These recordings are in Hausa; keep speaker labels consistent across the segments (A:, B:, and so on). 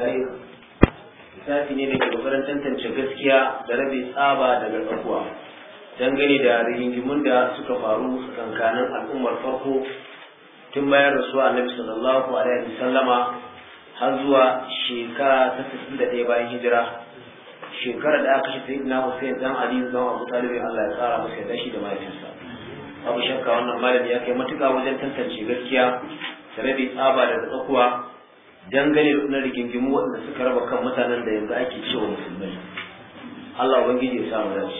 A: tarih lissafi ne da ke kokarin tantance gaskiya da rabe tsaba daga tsakuwa dangane da rigingimun da suka faru tsakankanin al'ummar farko tun bayan a nabi sallallahu alaihi sallama har zuwa shekara ta da 61 bayan hijira Shekara da aka shi sayyidina Hussein dan Ali zan Abu Talib Allah ya tsara masa yadda shi da mahaifinsa abu shakka wannan malami ya kai matuƙa wajen tantance gaskiya da rabe tsaba daga tsakuwa dangane na rigingimu waɗanda suka raba kan mutanen da yanzu ake cewa musulmai Allah ubangiji ya samu dace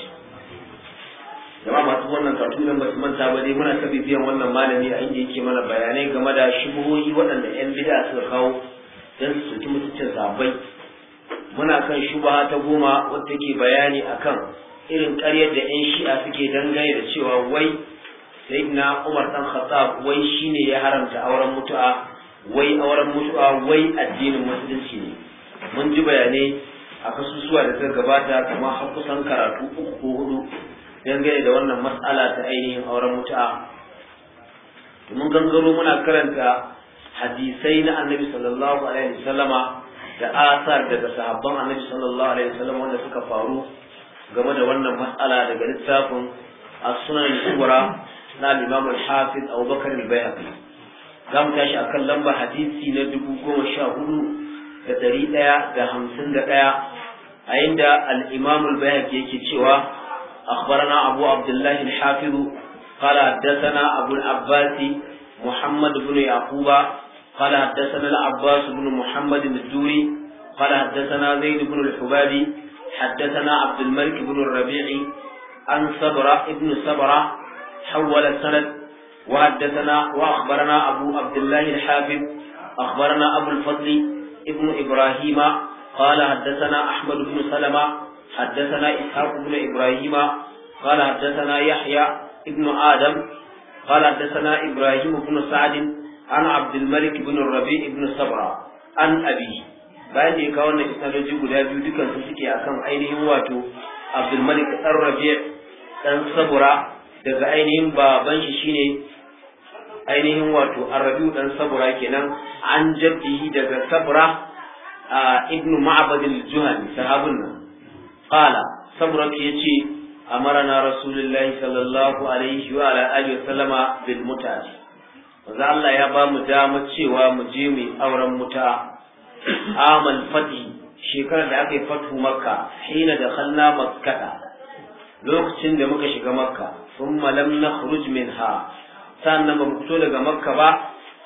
A: jama'a masu wannan karatu ba su manta ba dai muna ta bibiyan wannan malami a inda yake mana bayanai game da shubuhohi waɗanda yan bid'a suka kawo don su soki mutuncin sabai muna kan shubaha ta goma wadda take bayani akan irin ƙaryar da yan shi'a suke dangane da cewa wai sayyidina Umar dan Khattab wai shine ya haramta auren mutu'a wai auren mutu'a wai addinin musulunci ne mun ji bayanai a kasusuwa da suka gabata kuma har kusan karatu uku ko hudu dangane da wannan matsala ta ainihin auren mutu'a mun gangaro muna karanta hadisai na annabi sallallahu alaihi wasallama da asar daga sahabban annabi sallallahu alaihi wasallama wanda suka faru game da wannan matsala daga littafin as-sunan al-kubra na al-imam al-hafiz Abu al-Bayhaqi za mu tashi a kan lamba hadisi na dubu goma sha hudu da ɗari ɗaya da hamsin da ɗaya a al al'imamul bayan yake cewa akhbarana abu abdullahi shafiru kala haddasana abu abbasi muhammad ibn yaquba kala haddasana abbas ibn muhammad ibn duri kala haddasana zaid ibn al-hubabi haddasana abdul malik ibn rabii an sabra ibn sabra حول وحدثنا وأخبرنا أبو عبد الله الحافظ أخبرنا أبو الفضل ابن إبراهيم قال حدثنا أحمد بن سلمة حدثنا إسحاق بن إبراهيم قال حدثنا يحيى ابن آدم قال حدثنا إبراهيم بن سعد عن عبد الملك بن الربيع بن صبرا عن أبيه bayan da ya kawo wannan isnadojin guda biyu dukan su suke akan ainihin wato Abdulmalik dan Rabi' dan Sabura daga ainihin baban shi shine ainihin wato arabiu dan sabura kenan an jaddihi daga sabura ibnu ma'bad al-juhani sahabun nan qala sabura yace amarana rasulullahi sallallahu alaihi wa ala alihi sallama bil manzo Allah ya ba mu dama cewa mu je mu auren muta amal fati shekarar da aka yi fatu makka hina da khanna makkata lokacin da muka shiga makka thumma lam nakhruj ha. sannan ba mu fito daga makka ba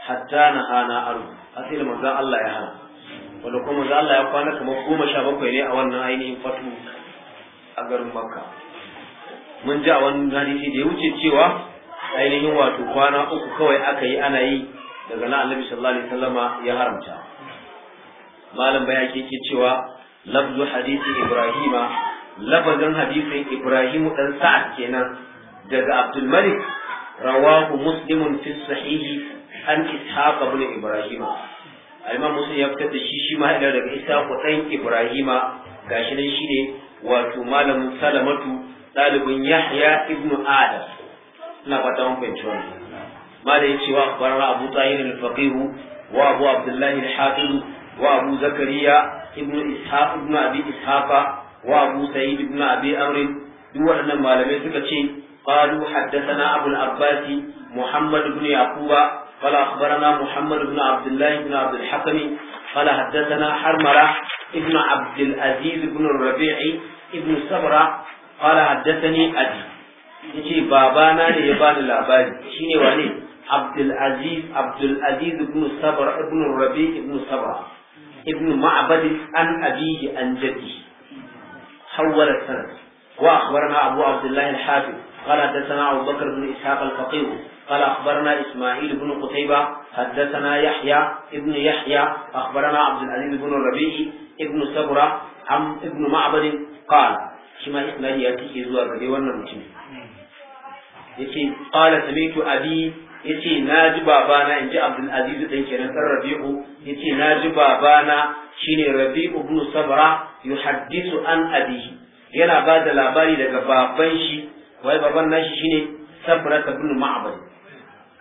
A: hatta na hana aru asali maza Allah ya hana wanda kuma maza Allah ya kwana kamar goma sha bakwai ne a wannan ainihin fatu a garin makka mun ji a wani hadisi da ya wuce cewa ainihin wato kwana uku kawai aka yi ana yi daga na annabi sallallahu alaihi wasallama ya haramta malam bayaki ke cewa lafzu hadisi ibrahima lafazin hadisin ibrahimu dan sa'ad kenan daga abdul malik rawahu muslimun في الصحيح an اسحاق بن ابراهيم al مسلم يكتب ya fitar da الى ده اسحاق daga ابراهيم ibrahima gashi nan shine wato malamin salamatu dalibin yahya ibn adam ina fata mun fahimci wannan malai cewa barra abu tahir al-faqih wa abu abdullah al-hafiz wa abu zakariya ibn ishaq ibn abi ishaqa wa ibn abi amr duk waɗannan malamai suka ce قالوا حدثنا أبو العباس محمد بن يعقوب قال أخبرنا محمد بن عبد الله بن عبد الحكم قال حدثنا حرمرة ابن عبد العزيز بن الربيع ابن سبرة قال حدثني أبي yace babana ne ya bani labari shine wane Abdul Aziz Abdul Aziz ibn Sabr ibn Rabi ibn Sabra an abihi an jaddi hawwala sanad wa Abu قال حدثنا أبو بكر بن إسحاق الفقيه قال أخبرنا إسماعيل بن قتيبة حدثنا يحيى ابن يحيى أخبرنا عبد العزيز بن الربيع ابن سبرة عم ابن معبد قال شما إسماعيل يأتي إذوى الربيع والنمتين يتي قال سمعت أبي yace na ji babana in ji abdulaziz ɗin kenan ɗan rabi'u yace na ji babana shine rabi'u ibn sabra yuhaddisu an abihi yana ba da labari daga baban shi wai baban nashi shine sabra ibn ma'bad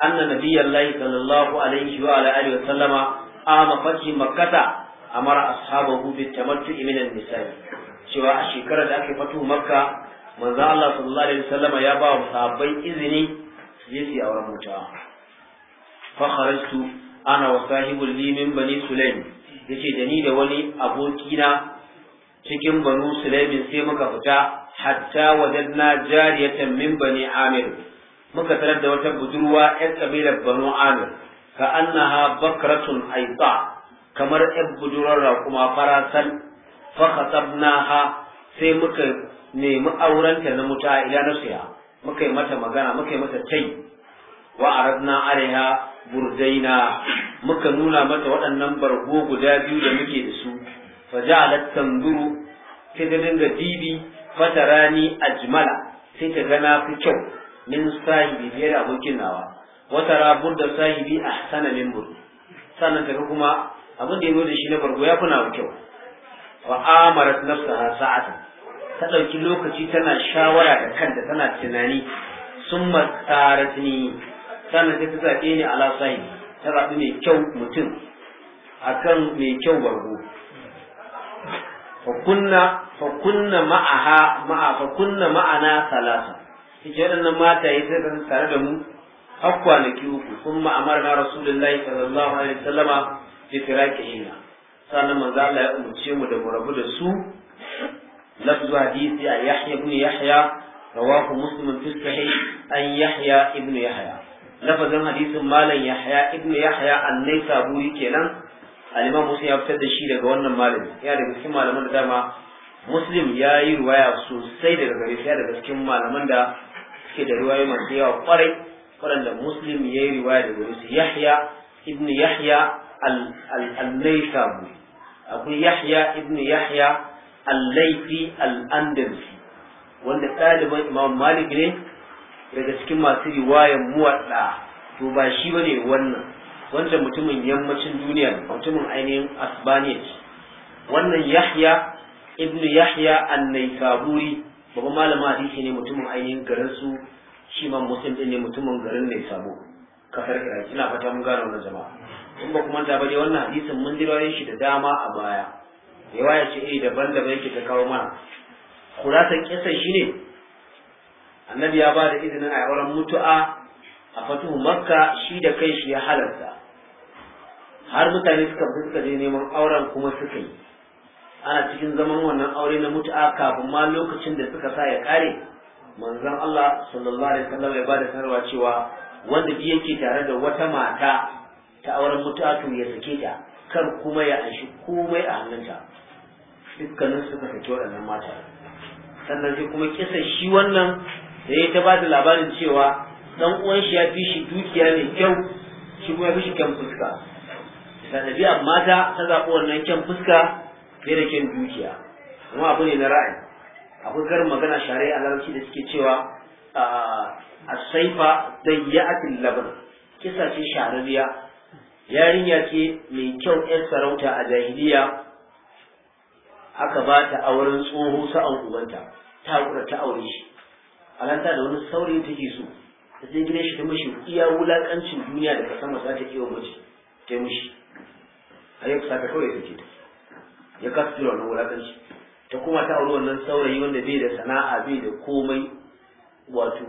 A: anna nabiyallahi sallallahu alaihi wa ala alihi wa sallama ama fati makkata amara ashabahu bi tamattu'i min an-nisa'i cewa a shekarar da aka fatu makka manzo Allah sallallahu alaihi wa wasallama ya ba wa sahabbai izini su je su auren mutawa fa kharajtu ana wa sahibul li min bani sulaim yace da ni da wani abokina cikin banu sulaimin sai muka fita hatta wajadna jariyatan min bani amir muka sanar da wata budurwa yar kabilar banu amir ka annaha bakratun aita kamar yar budurwar raƙuma farasan fa khatabnaha sai muka nemi aurenta na muta ila nasiha muka mata magana muka mata tai wa aradna alaiha burdaina muka nuna mata waɗannan bargo guda biyu da muke da su fa ja'alat tanduru sai ta dinga dibi fatarani ajmala sai ka gana fi kyau min sahibi fiye da abokin nawa wata rabur da sahibi a sana min burdu sannan kaga kuma abin da ya da shi na bargo ya kuna kyau wa amarat nafsaha sa'atan ta ɗauki lokaci tana shawara da kanta tana tunani sun matsarat ni sannan ta zaɓe ni ala sahibi ta zaɓi mai kyau mutum akan mai kyau bargo fakunna ma'aha ma'a fakunna ma'ana salasa yake waɗannan mata yi sai tare da mu har kwanaki uku sun ma'amar na rasulullahi sallallahu alaihi wasallama sannan manzo Allah ya umarce mu da murabu da su lafzu hadisi a Yahya ibn Yahya rawahu Muslim fi sahih an Yahya ibn Yahya lafazin hadisin malam Yahya ibn Yahya an kenan al-imam muslim ya fitar da shi daga wannan malami ya daga cikin malaman da dama muslim ya yi ruwaya sosai daga gare shi daga cikin malaman da suke da ruwaya masu yawa kwarai waɗanda muslim ya yi ruwaya daga gare su yahya ibn yahya al-naisabu akwai yahya ibn yahya al-laifi al-andalusi wanda ɗaliban imam malik ne daga cikin masu riwayan muwaɗa to ba shi ne wannan wanda mutumin yammacin duniya mutumin ainihin asbaniya wannan yahya ibnu yahya an saburi babban malamin hadisi ne mutumin ainihin garin su shi man muslim din ne mutumin garin naisabo kasar iraki ina fata mun gane wannan jama'a in ba kuma ta bane wannan hadisin mun ji rawayin shi da dama a baya Yawa ya ce iri daban-daban yake ta kawo mana kuratan kisan shine annabi ya ba da izinin a mutu'a a fatuhu makka shi da kai shi ya halarta har mutane suka fuska je neman auren kuma suka yi ana cikin zaman wannan aure na mutu'a kafin ma lokacin da suka sa ya kare manzon Allah sallallahu alaihi wasallam ya bada sanarwa cewa wanda bi yake tare da wata mata ta auren mutu'a to ya sake ta kar kuma ya anshi komai a hannunta dukkanin suka sake waɗannan mata sannan sai kuma kisa shi wannan da ya ta ba da labarin cewa dan uwan shi ya fi shi dukiya mai kyau shi kuma ya fi shi kyan fuska bisa ɗabi'ar mata ta zaɓi wannan kyan fuska fiye da kyan dukiya kuma abu ne na ra'ayi akwai karin magana share a da suke cewa a saifa dayya'atin laban kisa ce shararriya yarinya ce mai kyau 'yan sarauta a jahiliya aka ba ta auren tsoho sa'an ubanta ta kura ta aure shi alanta da wani saurayin take so ta sai gina shi ta mashi iya wulakancin duniya da ka sama za ta iya mace ta a yau ta kawai ya fice ta ya kasa jira wannan wulakanci ta kuma ta auri wannan saurayi wanda bai da sana'a bai da komai wato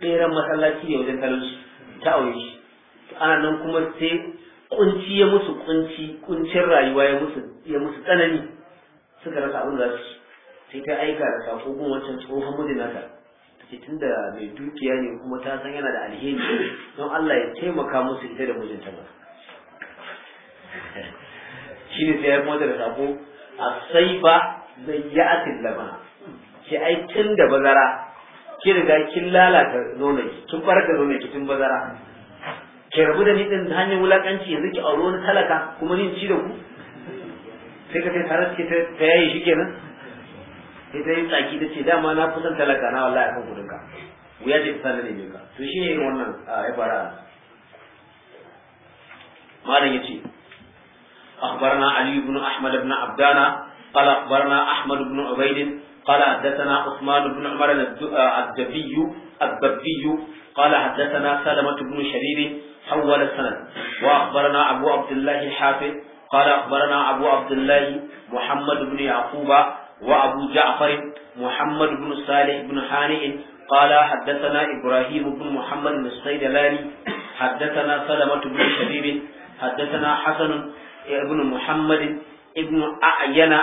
A: ɗeran masallaci ne wajen talauci ta auri shi ana nan kuma sai kunci ya musu kunci kuncin rayuwa ya musu ya musu tsanani suka rasa abin da su sai ta aika da sako gun wancan tsohon mijin nata take tunda mai dukiya ne kuma ta san yana da alheri don Allah ya taimaka musu ita da mijinta ba shi ne sai ya mota da sako a sai ba zai yi atin lama ki ai tun da bazara ki riga kin lalata nonon ki kin barka nonon ki tun bazara ki rabu da ni din hanyar wulakanci yanzu ki auro wani talaka kuma ni ci da ku sai ka sai tarar ki ta yayi shi kenan sai ta yi tsaki ta ce dama na kusan talaka na wallahi akan gudun ka wuya ce ta sanar da ka to shi ne wannan ah, ya fara malam ya ce أخبرنا علي بن أحمد بن عبدانا قال أخبرنا أحمد بن عبيد قال حدثنا عثمان بن عمر الدبي الدبي قال حدثنا سلمة بن شرير حول السند وأخبرنا أبو عبد الله الحافظ قال أخبرنا أبو عبد الله محمد بن يعقوب وأبو جعفر محمد بن صالح بن حانئ قال حدثنا إبراهيم بن محمد بن الصيدلاني حدثنا سلمة بن شبيب حدثنا حسن ابن محمد ابن أعين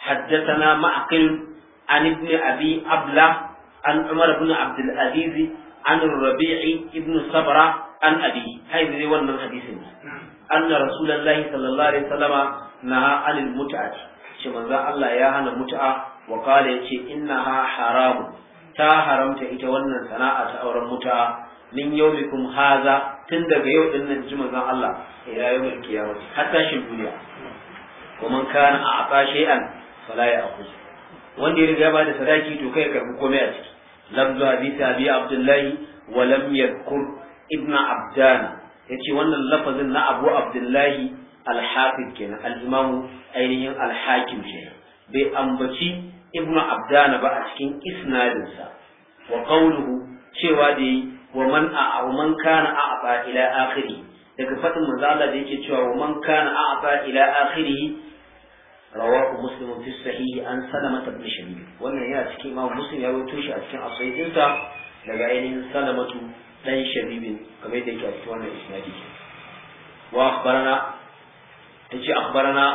B: حدثنا معقل عن ابن أبي أبلة عن عمر بن عبد العزيز عن الربيع ابن صبرة عن
A: أبي هذه ذي ورنا حديثنا أن رسول الله صلى الله عليه وسلم نهى عن المتعة شمزا الله يا هنا متعة وقال يتي إنها حرام تا حرمت إتوانا سناءة أو رمتعة من يومكم هذا tun daga yau din nan ji manzon Allah ila yawmil qiyamah har tashin duniya wa man kana a'ta shay'an fala ya'khudh wanda ya riga ba da sadaki to kai karbi komai a ciki lafzu hadisi abi abdullahi wa lam yadhkur ibn abdana yace wannan lafazin na abu abdullahi al-hafiz kenan al-imamu ainihin al-hakim kenan bai ambaci ibn abdana ba a cikin isnadinsa wa qawluhu cewa da yi wa man a wa man ila akhiri daga fadin manzo da yake cewa wa man kana a'fa ila akhiri rawahu muslim fi sahih an salama ibn shabib wannan yana cikin imam muslim ya rawaito shi a cikin asahihin daga ainihin salamatu dan shabibin kamar yadda yake a cikin wannan isnadi wa akhbarana تجي أخبرنا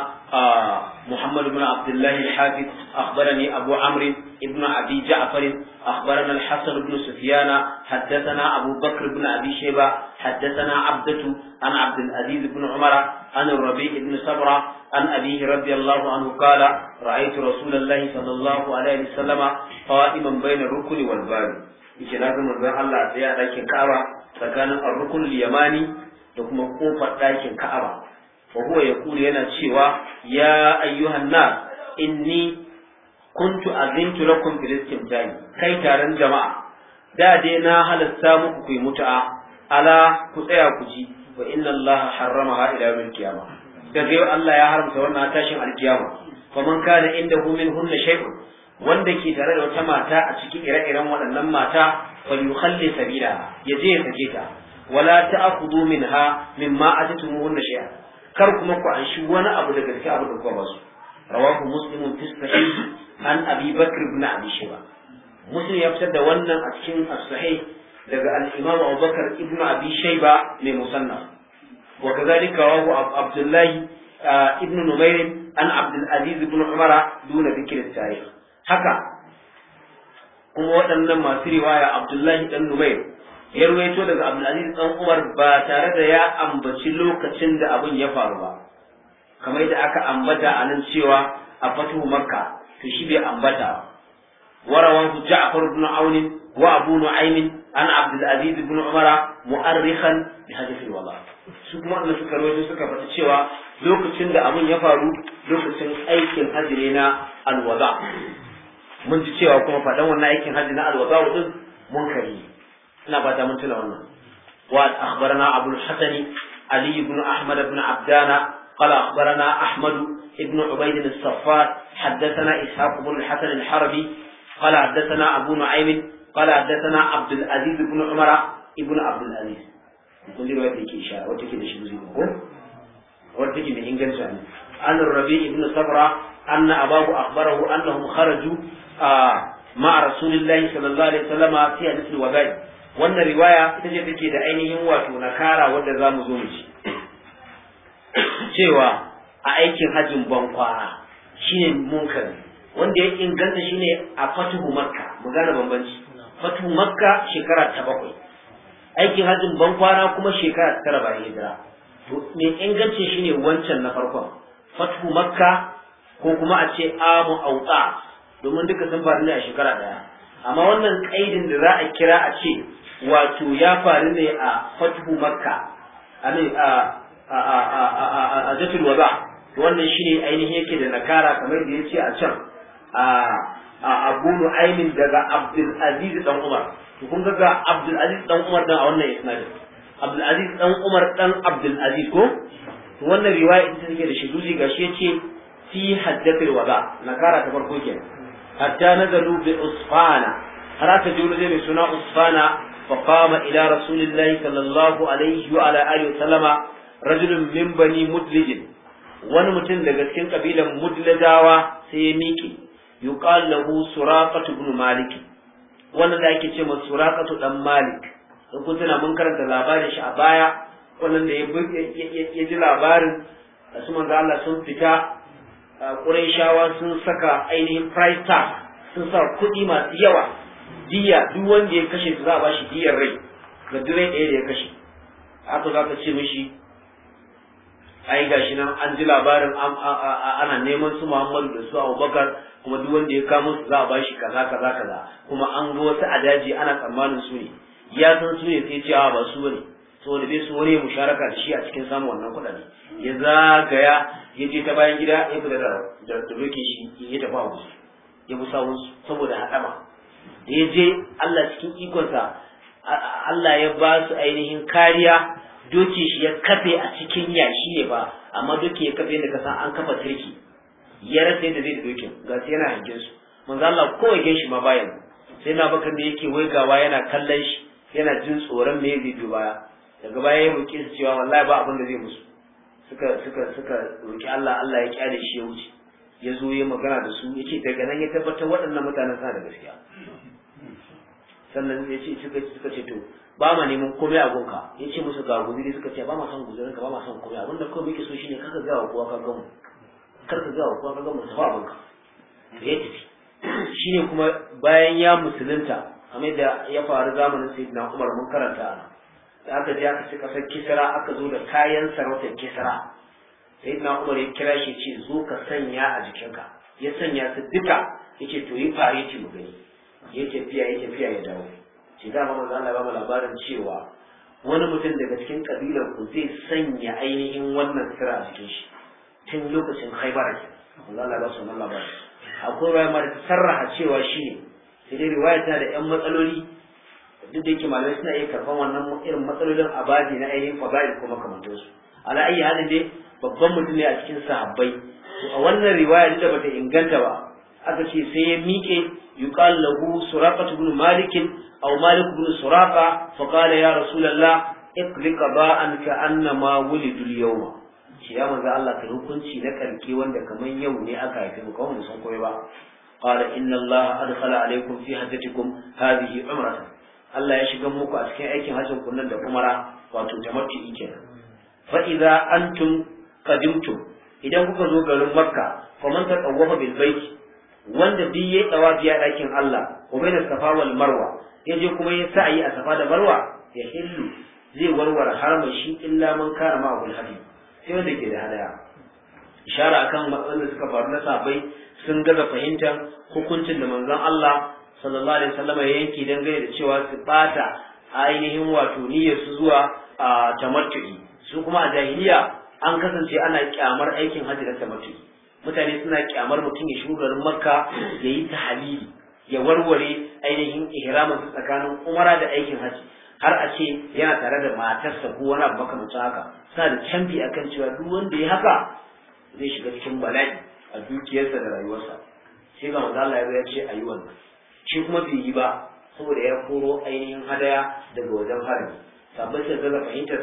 A: محمد بن عبد الله الحافظ أخبرني أبو عمرو ابن أبي جعفر أخبرنا الحسن بن سفيان حدثنا أبو بكر بن أبي شيبة حدثنا عبدة عن عبد العزيز بن عمر عن الربيع بن سبرة عن أبيه رضي الله عنه قال رأيت رسول الله صلى الله عليه وسلم قائما بين الركن والباب yake na gama zan Allah tsaye a ɗakin Ka'aba tsakanin arrukun liyamani da kuma kofar ɗakin Ka'aba wa huwa ya yana cewa ya ayyuhan nas inni kuntu azintu lakum bi rizqin jayi kai taron jama'a da dai na halatta muku ku mutu'a ala ku tsaya ku ji wa inna allaha harramaha ila yawmil qiyamah daga yau Allah ya haramta wannan tashin alkiyama faman kana indahu min hunna shay'un wanda ke tare da wata mata a cikin ire-iren waɗannan mata fa yukhalli sabila ya je ya sake ta wala ta'khudhu minha mimma atitumuhunna shay'an kar kuma ku anshi wani abu daga cikin abu da kuka ba su rawahu muslim fi sahih an ya fitar da wannan a cikin as daga al-imam Abu Bakar ibn Abi Shayba mai musannaf wa kadhalika rawahu Abdullah ibn Numayr an Abdul Aziz ibn Umar duna dhikr tarikh haka kuma waɗannan masu riwaya Abdullah dan Numayr ya ruwaito daga Abdul ɗan Umar ba tare da ya ambaci lokacin da abin ya faru ba kamar da aka ambata a nan cewa a fatuhu makka to shi bai ambata ورواه جعفر بن عون وابو نعيم عن عبد العزيز بن عمر مؤرخا بهدف الوضع su kuma da suka rawaito suka faɗi cewa lokacin da abin ya faru lokacin aikin hajji ne na alwaza mun ji cewa kuma faɗan wannan aikin hajji na alwaza din mun kari ina fata mun tuna wannan wa akhbarana abul hasani ali ibn ahmad ibn abdana قال أخبرنا أحمد بن عبيد الصفار حدثنا إسحاق بن الحسن الحربي قال حدثنا أبو نعيم قال حدثنا عبد العزيز بن عمر ابن عبد العزيز kun ji ruwayar da wata ke da shi zuwa wata ke mai inganci ne an rabi ibn sabra anna abahu akhbarahu annahum kharaju ma'a rasulillahi sallallahu alaihi wasallama fi hadith al-wabai wannan riwaya ita ce take da ainihin wato nakara wanda zamu zo mu ci cewa a aikin hajjin ban kwana shine munkar wanda ya inganta shine a fatuhu makka mu gane bambanci fatuhu makka shekara ta bakwai aikin hajjin ban kwana kuma shekara ta tara bayan hijira to me ingancin shine wancan na farkon fatuhu makka ko kuma a ce amu auta domin duka sun faru ne a shekara daya amma wannan kaidin da za a kira a ce wato ya faru ne a fatuhu makka a a jatul waza wannan shine ainihin yake da nakara kamar da yace a can a abunu ainin daga abdul dan umar to kun ga abdul aziz dan umar dan a wannan isnadin abdul dan umar dan abdul ko wannan riwaya ita take da shuduli gashi yace fi haddatul waza nakara ta farko kenan hatta nazalu bi usfana harata ta zai wani mai suna usfana فقام إلى رسول الله صلى الله عليه وعلى آله وسلم rajulun min bani mudlijin wani mutum daga cikin kabilan mudlajawa sai ya miƙe yuqal lahu suraqatu ibn malik wannan da ake ce suraqatu dan malik kun tana mun karanta labarin shi a baya wannan da ya ji labarin su manzo Allah sun fita Qurayshawa sun saka ainihin price tag sun sa kuɗi masu yawa diya duk wanda ya kashe su za a bashi diyar rai ga duk ɗaya da ya kashe haka za ka ce mishi ai gashi nan an ji labarin ana neman su Muhammadu da su Abubakar kuma duk wanda ya kama su za a bashi kaza kaza kaza kuma an ga wasu adaji ana tsammanin su ne ya san su ne sai ce a ba su bane saboda bai su wani musharaka da shi a cikin samun wannan kuɗaɗe ya zagaya ya je ta bayan gida ya fita da da doke shi ya tafi a ya bi sawun saboda haɗama da ya je Allah cikin ikonsa Allah ya ba su ainihin kariya doki shi ya kafe a cikin yashi ne ba amma doki ya kafe da kasa an kafa turki ya rasa yadda zai doki ga sai yana hangen su manzo Allah ko ya shi ma bayan sai na bakar da yake gawa yana kallon shi yana jin tsoron me zai biyo baya daga baya ya roki su cewa wallahi ba abin da zai musu suka suka suka Allah Allah ya kyale shi ya wuce ya zo ya magana da su yace daga nan ya tabbatar waɗannan mutanen sa da gaskiya sannan ya ce suka ce to ba ma neman komai a gunka ya ce musu ga guzuri suka ce ba ma son guzurinka ba ma son komai abin da kawai muke so shine kaka gawa wa kowa ka gamu kar ka ga wa kowa ka gamu ta ba abinka ya tafi shine kuma bayan ya musulunta kamar da ya faru zamanin na Umar mun karanta ana da aka je aka ci kasar Kisra aka zo da kayan sarautar Kisra na Umar ya kira shi ce zo ka sanya a jikinka ya sanya su duka ce to yi ce mu gani ya tafiya ya tafiya ya dawo ce da ma manzo Allah ba mu labarin cewa wani mutum daga cikin kabilar ku zai sanya ainihin wannan sira a cikin shi tun lokacin Khaibar ke manzo Allah ba su labarin akwai riwaya ma da sarraha cewa shi ne sai dai riwaya ta da ƴan matsaloli duk da yake malamai suna iya karɓan wannan irin matsalolin abadi na ainihin fadail ko su ala ayi halin dai babban mutum ne a cikin sahabbai a wannan riwaya da bata inganta ba aka ce sai ya miƙe yuqal lahu suraqah ibn malik aw malik ibn suraqa fa qala ya rasulullah iqliq ba'an ka annama wulidu al-yawma ce ya manzo Allah ka hukunci na karke wanda kaman yau ne aka haife mu kawai sun koyi ba qala inna Allah adkhala alaykum fi hajjatikum hadhihi umratan Allah ya shiga muku a cikin aikin hajjin kunnan da umara wato tamattu kenan fa idza antum qadimtum idan kuka zo garin makka faman tatawwafa bil bait wanda duk yayi tawafi a dakin Allah da safa wal marwa ya je kuma ya sa'ayi a safa da marwa ya hillu zai warware harama shi illa man kara ma abul hadi sai wanda ke da hadaya ishara akan matsalolin da suka faru na sabai sun gaza fahimtar hukuncin da manzon Allah sallallahu alaihi wasallam ya yanki dangane da cewa su bata ainihin wato niyyar su zuwa a su kuma a jahiliya an kasance ana kyamar aikin hajji da mutane suna kyamar mutum ya shigo garin makka ya yi tahalili ya warware ainihin ihramin tsakanin umara da aikin haji har a ce yana tare da matarsa ko wani abu makamancin haka suna da canbi akan cewa duk wanda ya haka zai shiga cikin bala'i a dukiyarsa da rayuwarsa sai ga manzo Allah ya ce ayi wannan shi kuma bai yi ba saboda ya koro ainihin hadaya daga wajen harbi. sabbin sai ga fahimtar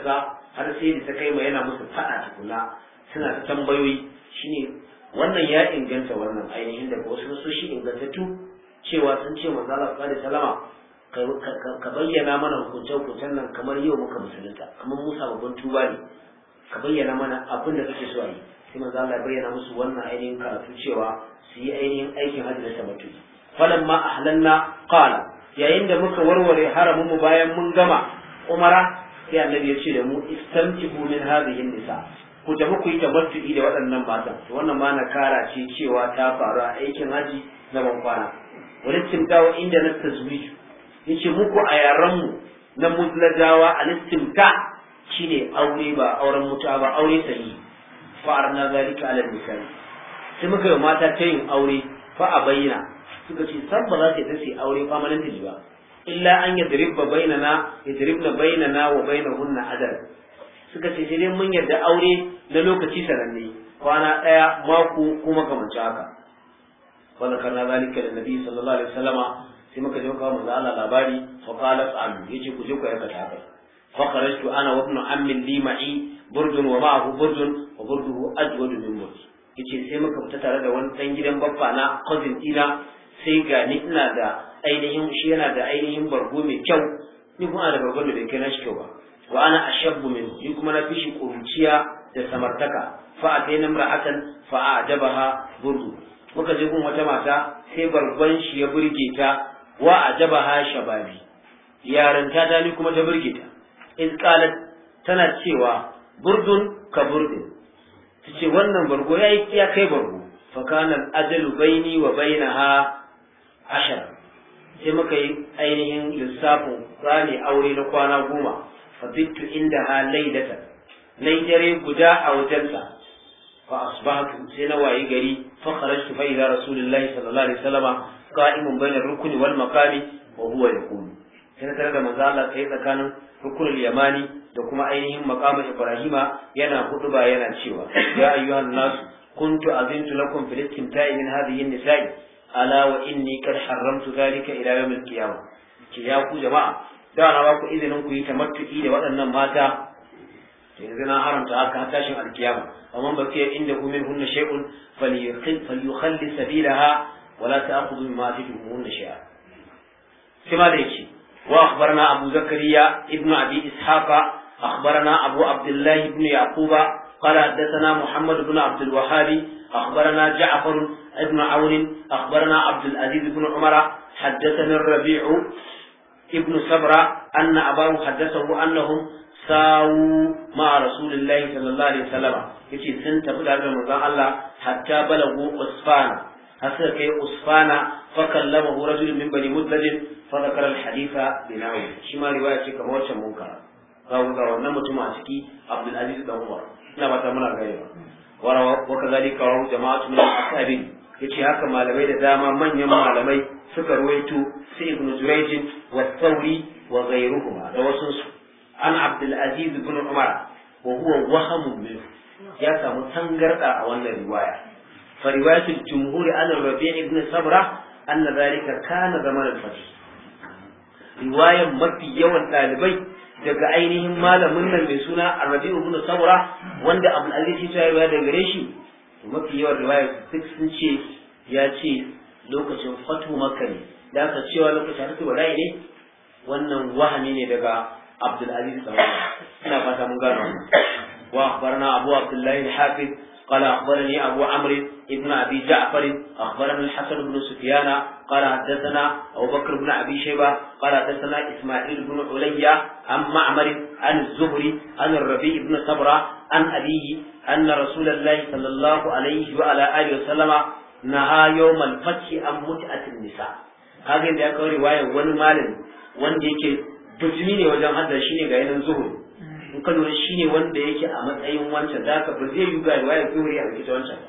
A: har sai da ta kai ma yana musu fada tukuna suna ta tambayoyi shine wannan ya inganta wannan ainihin daga wasu wasu shi ingantattu cewa sun ce manzo Allah sallallahu alaihi ka bayyana mana hukuncen hukuncen nan kamar yau muka musulunta kamar Musa babban tuba ne ka bayyana mana abin da kake so a yi sai manzo Allah bayyana musu wannan ainihin karatu cewa su yi ainihin aikin hajji da sabatu falan ma ahlanna qala yayin da muka warware haramin mu bayan mun gama umara sai annabi ya ce da mu istamtiku min hadhihi nisa ku tafi ku yi tabattu'i da waɗannan matan to wannan ma na kara ce cewa ta faru a aikin haji na bankwana wani cimtawa inda na tazwiju yace muku a yarenmu na mutlajawa a shi shine aure ba auren mutuwa ba aure sahi fa'ar na zalika ala misali sai muka yi mata ta yin aure fa a bayyana suka ce san ba za ta yadda su aure famanin ba illa an yadribba bainana yadribna bainana wa bainahunna adal suka ce sai mun yarda aure na lokaci sananne kwana ɗaya mako kuma kamar haka wanda kana zalika da nabi sallallahu alaihi wasallama sai muka je muka kawo manzo Allah labari fa qala sa'alu yace ku je ku aikata haka fa kharajtu ana wa ibnu ammi li burdun wa ma'ahu burdun wa burduhu ajwadu min murdi yace sai muka fita tare da wani dan gidan babba na cousin ina sai ga ni ina da ainihin shi yana da ainihin bargo mai kyau ni kuma da bargo da bai kai na shi kyau ba wa ana ashabu min in kuma na fishi kurciya da samartaka fa Fa'a imra'atan fa ajabaha burdu muka je kun wata mata sai barban shi ya burge ta wa ajabaha shababi yaranta ta ni kuma ta burge ta iz qalat tana cewa burdun ka Ta tace wannan bargo yayi ya kai bargo fa kana ajalu baini wa bainaha ashar sai muka yi ainihin lissafin rani aure na kwana goma fabittu inda ha laidata nai dare guda a wajensa fa asbahtu sai na waye gari fa kharajtu fa ila rasulillahi sallallahu alaihi wasallama qa'imun bainar rukuni wal maqami wa huwa yaqul sai tare da manzo Allah sai tsakanin rukunul yamani da kuma ainihin maqamin ibrahima yana huduba yana cewa ya ayyuhan nasu kuntu azintu lakum fil istimta'i min hadhihi an-nisa'i ala wa inni kad haramtu dhalika ila yawm al-qiyamah ya ku jama'a cewa na ba ku izinin ku yi tamattu'i da waɗannan mata yanzu na haramta haka har tashin alkiyama amma ba ke inda ku min hunna shay'un falyukhalli sabilaha wala ta'khudhu mimma tatumunna shay'a kima da yake wa akhbarna abu zakariya ibnu abi ishaqa akhbarana abu abdullah ibn yaquba قال حدثنا محمد بن عبد الوهاب أخبرنا جعفر بن عون أخبرنا عبد العزيز بن عمر حدثني الربيع ابن سبرة أن أباه حدثه أنهم ساووا مع رسول الله صلى الله عليه وسلم يجي سنت بدأ من الله حتى بلغوا أسفان حتى كي أسفان فكلمه رجل من بني مدلج فذكر الحديث بناوي شما رواية كما وجه منكر قالوا قالوا نمت مع سكي عبد العزيز بن عمر نبات منا غيره وكذلك رواه جماعة من الأصحابين yace haka malamai da dama manyan malamai suka ruwaito su ibn jurayj wa thawri wa ghayruhuma da wasu su an abdul ibn umar wa huwa wahamun min ya samu tangarda a wannan riwaya fa riwayatul jumhur an rabi' ibn sabra anna dhalika kana zaman al-fath riwayan mafi yawan dalibai daga ainihin malamin nan mai suna Arabi ibn Sabra wanda Abdul Aziz ya bayar da gare shi mafi yawan riwaya duk sun ce ya ce lokacin fatu maka ne da aka cewa lokacin fatu wa ne wannan wahami ne daga abdul aziz ina fata mun gano wa akhbarna abu abdullahi al-hafiz قال اخبرني ابو عمرو ابن ابي جعفر اخبرني الحسن بن سفيان قال حدثنا ابو بكر بن ابي شيبه قال حدثنا اسماعيل بن عليا عن معمر عن الزهري عن an abihi anna rasulullahi sallallahu alaihi wa ala alihi wa sallama naha yawmal fathi an mut'atin nisa kaga da ya kawo riwayar wani malami wanda yake bujimi ne wajen hadda shine ga yanan zuhuri in ka lura shine wanda yake a matsayin wancan zaka ba zai yuga riwayar zuhuri ya cikin wancan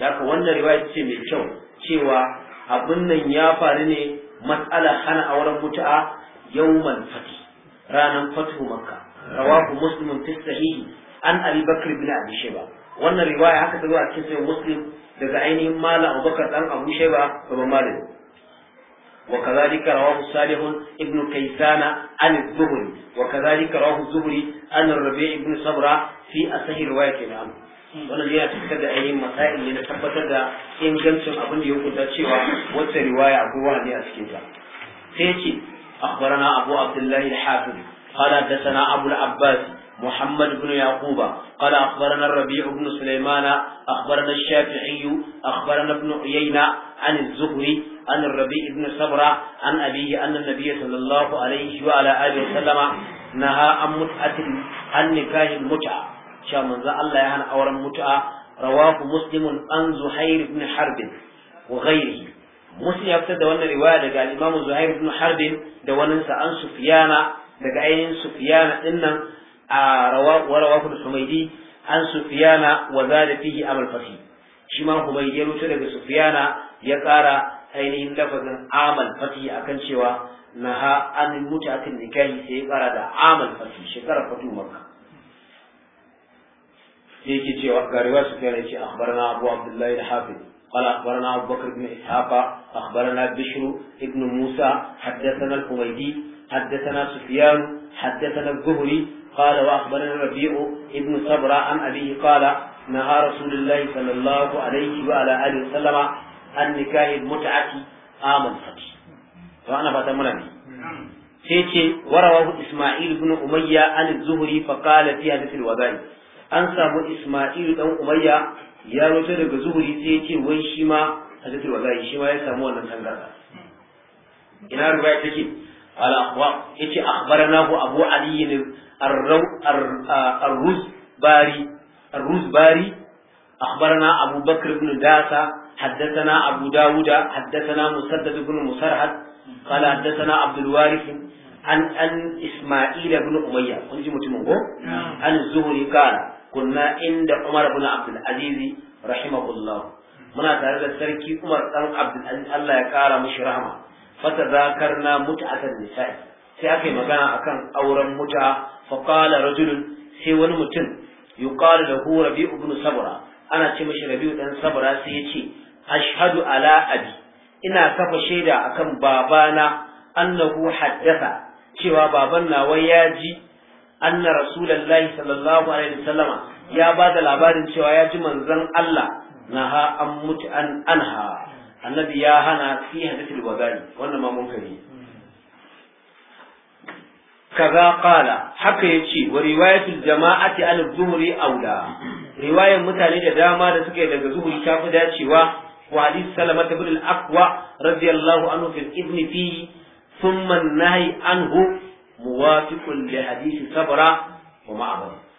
A: zaka wannan riwaya ce mai kyau cewa abin nan ya faru ne matsala hana auren mutu'a yawmal fathi ranan fathu makka rawahu muslimun fi sahihi an Ali bakr bin abi shayba wannan riwaya haka ta zo cikin sahih muslim daga ainihin malam abubakar dan abu shayba babban malami وكذلك رواه صالح ابن كيسان عن الزهري وكذلك رواه الزهري عن الربيع بن صبرة في أصح رواية عنه wannan yana cika da ainihin masail ne na tabbatar da ingancin abin da ya hukunta cewa wata riwaya akwai a cikin ne sai ya ce akhbarana abu abdullahi al-hafiz قال حدثنا أبو العباس محمد بن يعقوب قال أخبرنا الربيع بن سليمان أخبرنا الشافعي أخبرنا ابن عيينة عن الزهري عن الربيع بن صبرة عن أبيه أن النبي صلى الله عليه وعلى آله وسلم نهى عن متعة عن نكاح المتعة شاء من ذا الله يهان أورا متعة رواه مسلم عن زهير بن حرب وغيره مسلم يبتدى وانا رواية قال الإمام زهير بن حرب دوانا عن سفيان daga ainihin sufiyana dinnan a rawa rawa rawahu sumaidi an sufiyana wa da fihi amal fahi shi ma humaydi ya rutu daga sufiyana ya kara ainihin lafazin amal fahi akan cewa na ha an mutu mutatin nikahi sai ya kara da amal fahi shekara fatu makka sai yake cewa ga riwaya sufiyana yace na abu abdullahi al-hafiz قال أخبرنا أبو بكر بن إسحاق أخبرنا بشر ابن موسى حدثنا الحميدي حدثنا سفيان حدثنا الزهري قال وأخبرنا الربيع ابن صبرا عن أبيه قال نهى رسول الله صلى الله عليه وعلى آله وسلم عن نكاح المتعة عام الفتح وأنا فتمنى سيتي ورواه إسماعيل بن أمية عن الزهري فقال في هذه الوباء an samu Ismail dan Umayya ya roto daga Zuhri sai ya ce wai shi ma hadisul wallahi shi ma ya samu wannan tangarda ina ruwaya take قال أخبار يتي أخبرناه أبو علي الرو الرز باري الرز باري أخبرنا أبو بكر بن داسة حدثنا أبو داود حدثنا مسدد بن مسرحد قال حدثنا عبد الوارث عن أن إسماعيل بن أمية كنت متمنه عن الزهري قال كنا عند عمر بن عبد العزيز رحمه الله muna tare da sarki Umar dan Abdul Aziz Allah ya kara mishi rahama na fatazakarna mut'atan nisa'i sai aka yi magana akan auren muta fa qala rajulun sai wani mutum yuqalu lahu rabi'u ibn sabra ana ce mishi rabi'u ɗan sabra sai ya ce ashhadu ala'adi." ina kafa shaida akan babana annahu Haddasa, cewa baban nawa ya ji anna rasulullahi ya ba da labarin cewa ya ji manzon Allah naha an mutu an anha annabi ya hana fi hadathil wagari. wannan ma munkari kaza qala haka yace wa riwayatul jama'ati an zuhri aula riwayan mutane da dama da suke daga zuhri ta fi dacewa wa hadith salama ibn al-aqwa radiyallahu anhu fil ibn fi thumma an anhu muwafiqun li hadith sabra wa ma'abad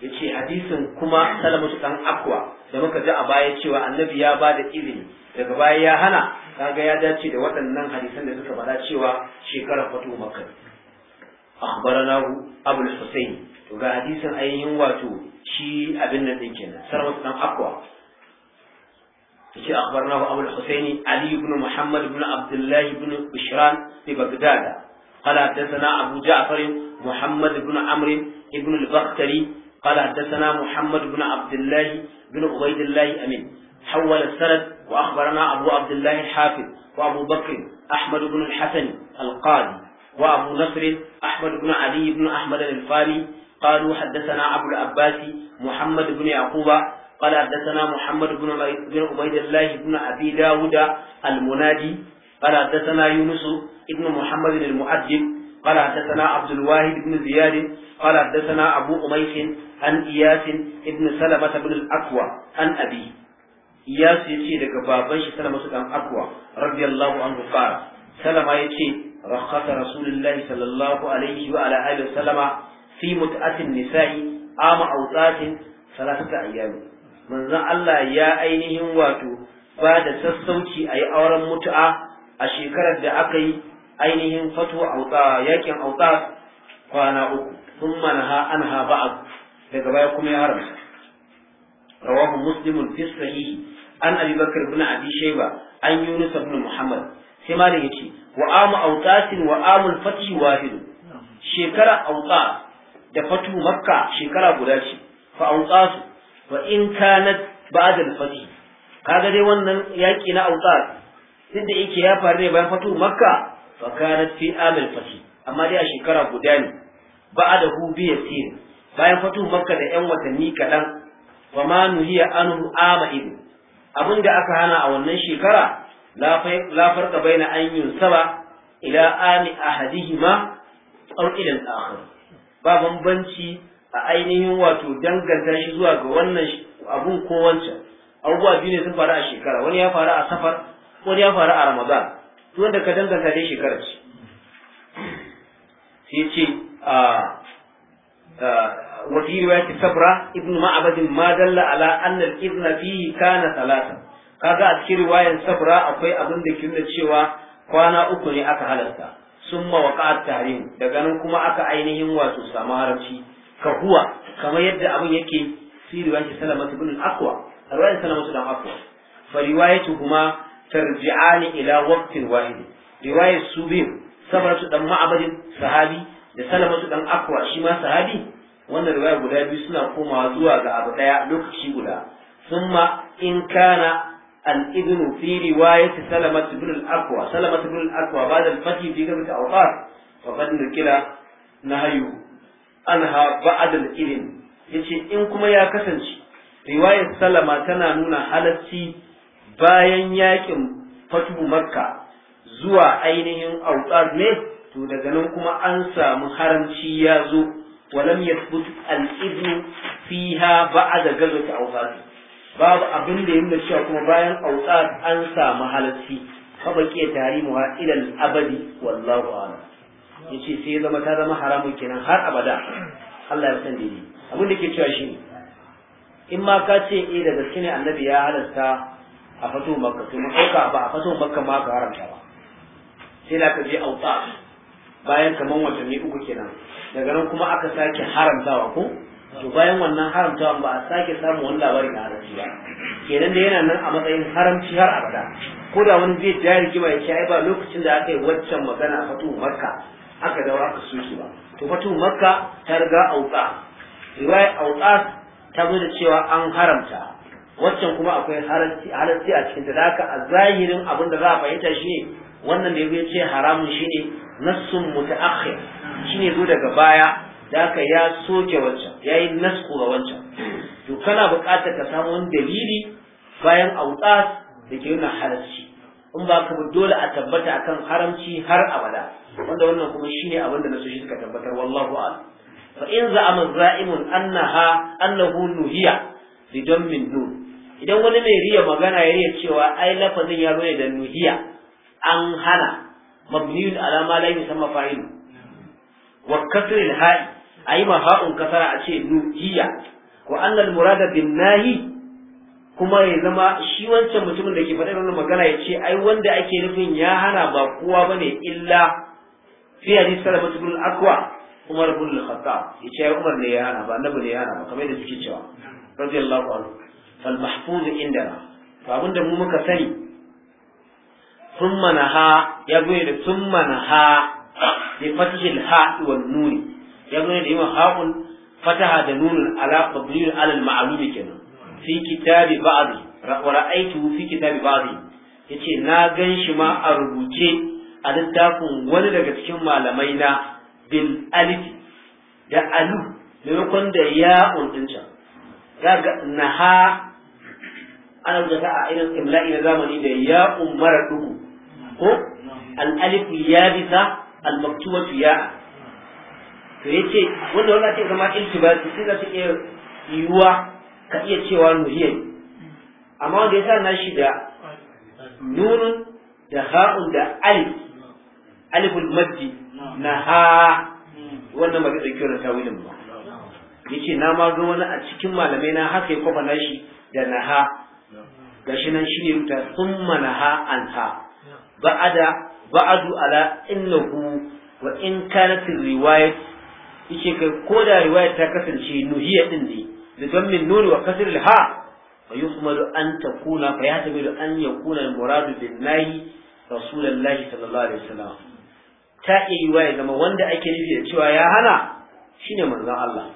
A: yace hadisin kuma salamatu dan akwa da muka ji a baya cewa annabi ya bada izini daga baya ya hana kaga ya dace da waɗannan hadisan da suka bada cewa shekarar fatu makka abu al husayn to ga hadisin ayyin wato shi abin nan din kenan salamatu dan akwa yace akhbaranahu al husayn ali ibn muhammad ibn abdullah ibn bishran fi baghdad قال حدثنا أبو جعفر محمد بن عمرو ابن البختري قال حدثنا محمد بن عبد الله بن عبيد الله أمين حول السند وأخبرنا أبو عبد الله الحافظ وأبو بكر أحمد بن الحسن القاضي وأبو نصر أحمد بن علي بن أحمد الفاري قالوا حدثنا أبو العباس محمد بن يعقوب قال حدثنا محمد بن عبيد الله بن أبي داود المنادي قال حدثنا يونس بن محمد المؤدب قال حدثنا عبد الواحد بن زياد قال حدثنا أبو أميس عن إياس بن سلمة بن الأكوى عن أبي إياس يتي لك بابن سلمة بن الأكوى رضي الله عنه قال سلمة يتي رخص رسول الله صلى الله عليه وعلى آله وسلم في متعة النساء عام أوقات ثلاثة أيام من ذا الله يا أينهم واتو بعد sassauci a yi auren mutu'a a shekarar da aka yi ainihin fatu auta yakin auta kwana uku sun manaha an ha ba'ad daga baya kuma ya haramta rawahu muslimun fi sahihi an abi bakr ibn abi shayba an yunus ibn muhammad sai malam yace wa amu autatin wa amul fati wahid shekara auta da fatu makka shekara guda ce fa autasu wa in kanat ba'da al-fati kaga dai wannan yaki na autar tunda yake ya faru ne bayan fatu makka fa fi amil fati amma dai a shekara guda ne ba da hu bi yasir bayan fatu makka da yan watanni kaɗan wa ma nuhiya an ama ibn abin da aka hana a wannan shekara la farka baina an saba ila ami ahadihima aw ila al-akhir ba bambanci a ainihin wato danganta shi zuwa ga wannan abun ko wancan abubuwa biyu ne sun faru a shekara wani ya faru a safar wani ya faru a ramadan duk wanda ka danganta dai shekarar shi sai ce a وفي رواية Ibn ابن ma dalla Ala Annar أن fiye فيه كان ثلاثة kaga a cikin riwayan sabra akwai abin da da cewa kwana uku ne aka halarta Sun mawaka a tahrim daga nan kuma aka ainihin wato samu haramci ka huwa kamar yadda abin yake fi riwayan salamatu bin akwa riwayan salamatu dan akwa fa riwayatu kuma tarji'ani ila waqtin wahid riwayar su biyu samaratu dan ma'abadin sahabi da salamatu dan akwa shi ma sahabi wannan riwaya guda biyu suna komawa zuwa ga abu daya lokaci guda summa in kana al-ibn fi riwayati salamatu ibn al-akwa salamatu ibn al-akwa ba'da al-fath fi gabata awqat fa qad nukila nahyu anha ba'd al-ibn yace in kuma ya kasance riwayar salama tana nuna halacci bayan yakin fatu makka zuwa ainihin autar ne to daga nan kuma an samu haramci ya zo walam yathbut al-ibn fiha ba'da gazwat awsat babu abin da da cewa kuma bayan awsat an samu halacci fa tari tarimuha ila al-abadi wallahu a'lam yace sai ya zama ta zama haramun kenan har abada Allah ya san dai abin da ke cewa shi in ma ka ce eh da gaske ne annabi ya halasta a fito makka to mu ɗauka ba a fito makka ma ka haramta ba sai da ka je auta bayan kaman watanni uku kenan daga nan kuma aka sake haramtawa ko to bayan wannan haramtawan ba a sake samun wani labari na haramci ba kenan da yana nan a matsayin haramci har abada ko da wani zai ja rigima ya ai ba lokacin da aka yi waccan magana a fatu makka aka dawo aka soke ba to fatu makka ta riga auta riwaya auta ta zo da cewa an haramta waccan kuma akwai halarci a cikin da haka a zahirin abin da za a fahimta shi ne wannan da ya ce haramun shi ne nassun muta'akhir shi ne zo daga baya da haka ya soke wancan ya yi nasku ga wancan to kana buƙatar ka samu wani dalili bayan autas da ke nuna halarci in ba ka dole a tabbata akan haramci har abada wanda wannan kuma ne abin da shi suka tabbatar wallahu a'lam fa in za'ama za'imun annaha annahu nuhiya bi dammin nun idan wani mai riya magana ya riya cewa ai lafazin ya zo ne da nuhiya an hana mabniyun alama la yusamma fa'il wa kasr al ha'i ayi ma ha'un kasara a ce nuhiya ko anna al murada bin nahi kuma ya zama shi wancan mutumin da ke faɗa wannan magana ya ce ai wanda ake nufin ya hana ba kowa bane illa fi hadis salamatu bil aqwa umar bin al-khattab ya ce umar ne ya hana ba annabi ne ya hana ba kamar yadda suke cewa radiyallahu anhu fal mahfuzu na. to abinda mu muka sani thumma naha ya zo da thumma naha bi fathil ha wal nun ya zo da yawan haun fataha da nun ala fadlil ala al ma'lum kenan fi kitabi ba'd wa ra'aytuhu fi kitabi ba'd yace na gan shi ma a rubuce a littafin wani daga cikin malamai na bin alif da alu maimakon da ya undinta ga na ha. ana zata a irin imla'i na zamani da ya ummara duhu ko al-alif ya bisa al-maktubatu ya to yace wanda wannan ce zama iltibasi sai za su iya yiwuwa ka iya cewa nuhiyan amma wanda yasa na shi da nunun da ha'un da alif aliful maddi na ha wannan ba ka dauki wannan tawilin ba yace na ma ga wani a cikin malamai na haka ya kwafa nashi da na ha gashi nan shine rubuta thumma laha anha ba'ada ba'adu ala innahu wa in kanat riwayat yake kai ko da riwayat ta kasance nuhiya din ne da min nuni wa kasr ha wa yuhmalu an takuna fa yahtamilu an yakuna al-muradu bin nahi rasulullahi sallallahu alaihi wasallam ta iya yi waye zama wanda ake nufi da cewa ya hana shine manzon Allah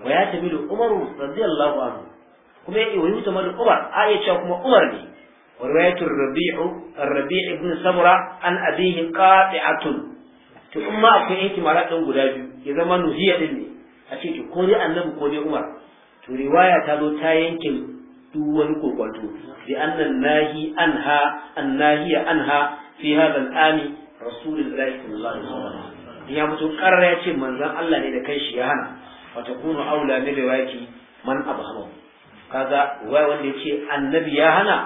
A: wa ya tabi da Umar radiyallahu anhu kuma ya yuta madu umar a iya cewa kuma umar ne warwayatul rabi'u rabi' ibn samura an abihi qati'atun to in ma akwai ihtimala ɗin guda biyu ya zama nuhiya din ne a ce to ko dai annabi ko dai umar to riwaya ta zo ta yankin duk wani kokwanto bi annan nahi anha annahiya anha fi hadha ami rasulullahi sallallahu alaihi wasallam ya mutu karra ya ce manzon Allah ne da kai shi ya hana fa takunu aula min riwayati man abhama kaga wai wanda ya annabi ya hana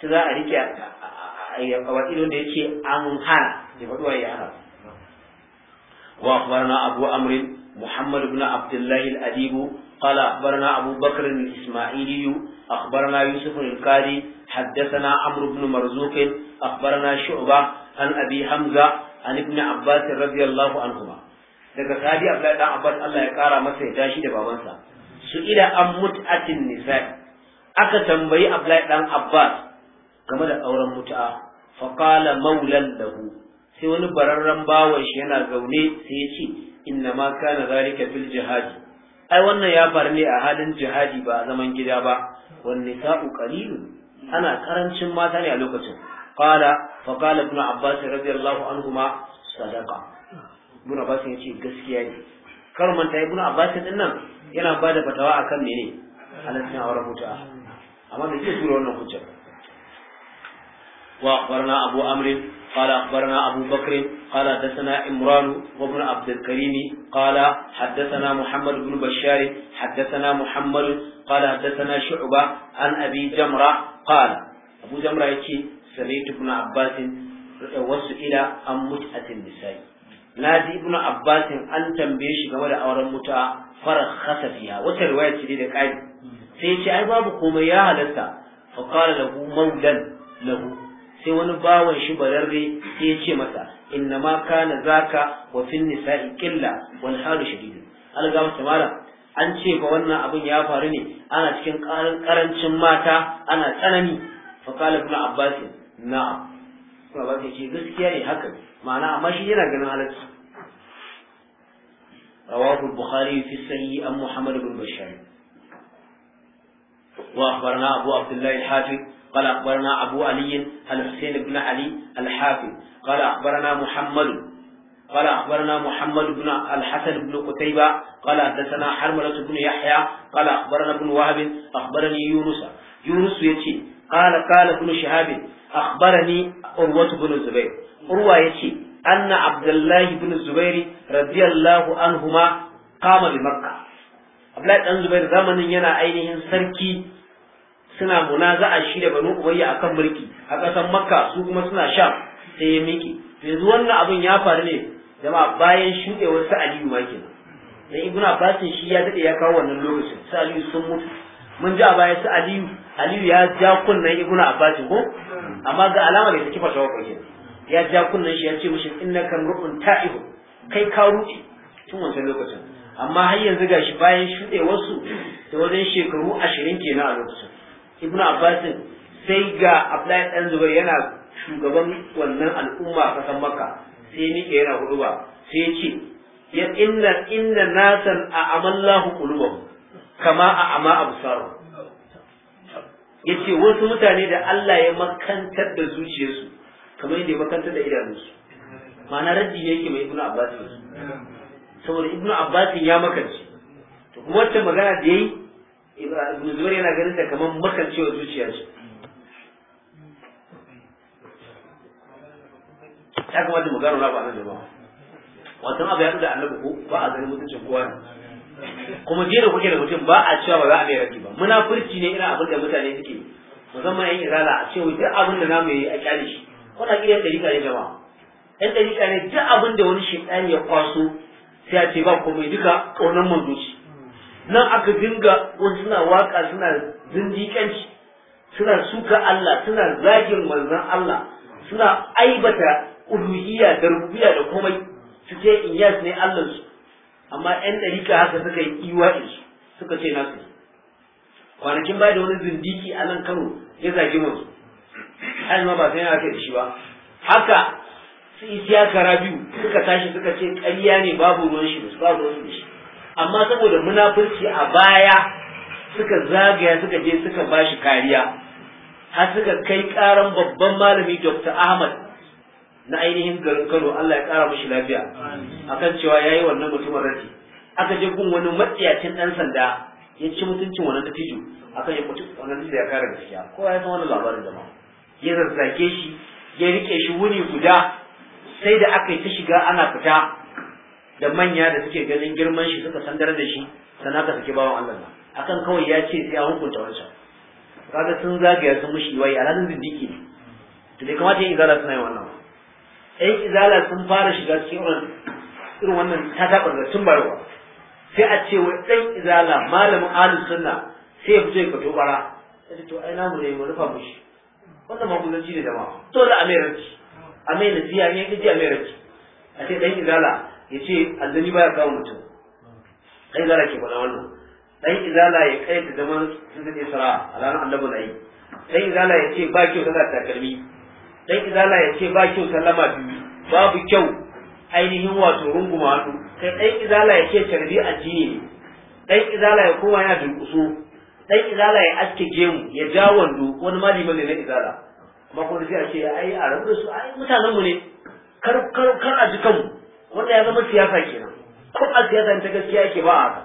A: ta za a rike a wakilin ya ce an hana da faduwa ya hana wa akhbarana abu amrin muhammad ibn abdullahi al-adibu qala akhbarana abu al-isma'ili akhbarana yusuf al-qadi haddathana amr ibn marzuq shu'ba an abi hamza an ibn abbas radiyallahu anhuma daga qadi abdullahi ibn abbas Allah ya kara masa ya tashi da babansa ila an mut'atin nisa aka tambayi Abdullahi dan Abbas game da auren mut'a fa qala maulan lahu sai wani bararren bawan shi yana zaune sai ya ce inna ma kana zalika fil jihadi ai wannan ya faru ne a halin jihadi ba a zaman gida ba wan nisa'u qalilun ana karancin mata ne a lokacin qala fa qala ibn abbas radiyallahu anhuma sadaqa ibn abbas ya ce gaskiya ne kar manta ibn abbas din nan yana ba da fatawa a kan mene halittun auren mutuwa amma da zai tura wannan hujjar wa akbarna abu amrin qala akbarna abu bakr qala dasana imran ibn abd al-karim qala haddathana muhammad ibn bashar haddathana muhammad an abi jamra qala abu jamra yake sami ibn abbas wasu ila an mut'atin bisai naji ibnu abbasin an tambaye shi game da auren muta farar khasafiya wata riwaya ce da kai sai ce ai babu komai ya halatta fa qala lahu mawlan lahu sai wani bawan shi bararre sai ya ce masa inna ma kana zaka wa fil nisa'i qilla wal halu shadid alga mutamara an ce fa wannan abin ya faru ne ana cikin karancin mata ana tsanani fa qala ibnu abbasin na'am kuma ba ce gaskiya ne haka ne ma'ana amma shi yana ganin halarci رواه البخاري في السيء عن محمد بن بشار وأخبرنا أبو عبد الله الحافظ قال أخبرنا أبو علي الحسين بن علي الحافظ قال أخبرنا محمد قال أخبرنا محمد بن الحسن بن قتيبة قال حدثنا حرملة بن يحيى قال أخبرنا ابن وهب أخبرني يونس يونس يتي قال قال ابن شهاب أخبرني عروة بن الزبير urwa ce, anna abdullahi bin zubairi radiyallahu anhuma kama bi makka abdullahi dan zubair zamanin yana ainihin sarki suna munaza'a shi da banu ubayya akan mulki a ƙasar makka su kuma suna sha sai miki yanzu wannan abin ya faru ne jama'a bayan shuɗewar sa aliyu ma kenan dan ibnu abbas shi ya daɗe ya kawo wannan lokacin sa sun mutu mun ji a baya su aliyu aliyu ya ja kunnen ibnu abbas ko amma ga alama da take fatawa kenan ya ja kunnen shi ya ce mishi kan ru'un ta'ihu kai ka ruɗe tun wancan lokacin amma har yanzu gashi bayan shuɗewarsu da wajen shekaru ashirin kenan a lokacin ibnu abbas sai ga abdullahi dan zubair yana shugaban wannan al'umma a kasan makka sai ke yana huduba sai ya ce ya inna inna nasan a amallahu qulubahum kama a ama absaru yace wasu mutane da Allah ya makantar da zuciyarsu kamar yadda ya makanta da idanunsu ma'ana raddi ne yake mai ibnu abbas saboda ibnu abbas ya makance to kuma wacce magana da yayi ibnu zubair yana ganin ta kamar makancewa zuciya ce ya kamata mu gano na ba nan ba wasan abu ya da annabi ko ba a ganin mutuncin kowa ne kuma jira da kuke da mutum ba a cewa ba za a mai raddi ba munafurci ne irin abin da mutane suke musamman yan irala a cewa duk abin da namu yi a kyale shi Kuna gidan ɗari ne jama'a da ɗari ne duk abin da wani shekani ya kwaso sai a ce ba komai duka ƙaunar manzo nan aka dinga wani suna waka suna zindikanci, suna suka Allah suna zagin manzon Allah suna aibata uluhiyya da rubiya da komai su ce yas ne Allah su amma ɗan ɗarika haka suka yi iwa'in su suka ce nasu kwanakin baya da wani zindiki a nan Kano ya zagi manzo hal ma ba sai yana kai da shi ba haka sai iya kara biyu suka tashi suka ce ƙarya ne babu ruwan shi ba ruwan shi amma saboda munafurci a baya suka zagaya suka je suka ba shi kariya har suka kai ƙaran babban malami Dr. Ahmad na ainihin garin Kano Allah ya kara mishi lafiya akan cewa yayi wannan mutumin rafi aka je gun wani matsiyacin ɗan sanda ya ci mutuncin wannan dattijo akan ya mutu wannan da ya kara gaskiya kowa ya san wannan labarin jama'a ya zazzage shi ya rike shi wuni guda sai da aka yi ta shiga ana fita da manya da suke ganin girman shi suka sandar da shi sannan aka saki bawan Allah nan akan kawai ya ce sai a hukunta wancan kaga sun zagaya sun mushi wai alhalin zindiki ne to dai kamata yin izala suna yin wannan ɗan izala sun fara shiga cikin irin wannan ta taɓa ga tun barwa sai a ce wai ɗan izala malamin ahlus sunna sai ya fito ya fito bara ce to ai namu ne mu rufa mushi wannan magudanci ne jama'a dole a da rarki a mai nasiha in yanka ji a a ce dan izala ya ce aljani baya kawo mutum dan izala ke faɗa wannan dan izala ya kai da zaman sun da isra a ranar annabi na yi dan izala ya ce ba kyau sallar takalmi dan izala ya ce ba kyau sallama biyu babu kyau ainihin wato runguma haɗu. kai dan izala ya ce tarbi addini ne dan izala ya koma yana durƙuso dan izala ya aske gemu ya ja wando wani ma liman ne na izala amma ko sai a ce ai a rabu da su ai mutanen mu ne kar kar kar a ji mu wanda ya zama siyasa kenan ko a siyasa ta gaskiya yake ba haka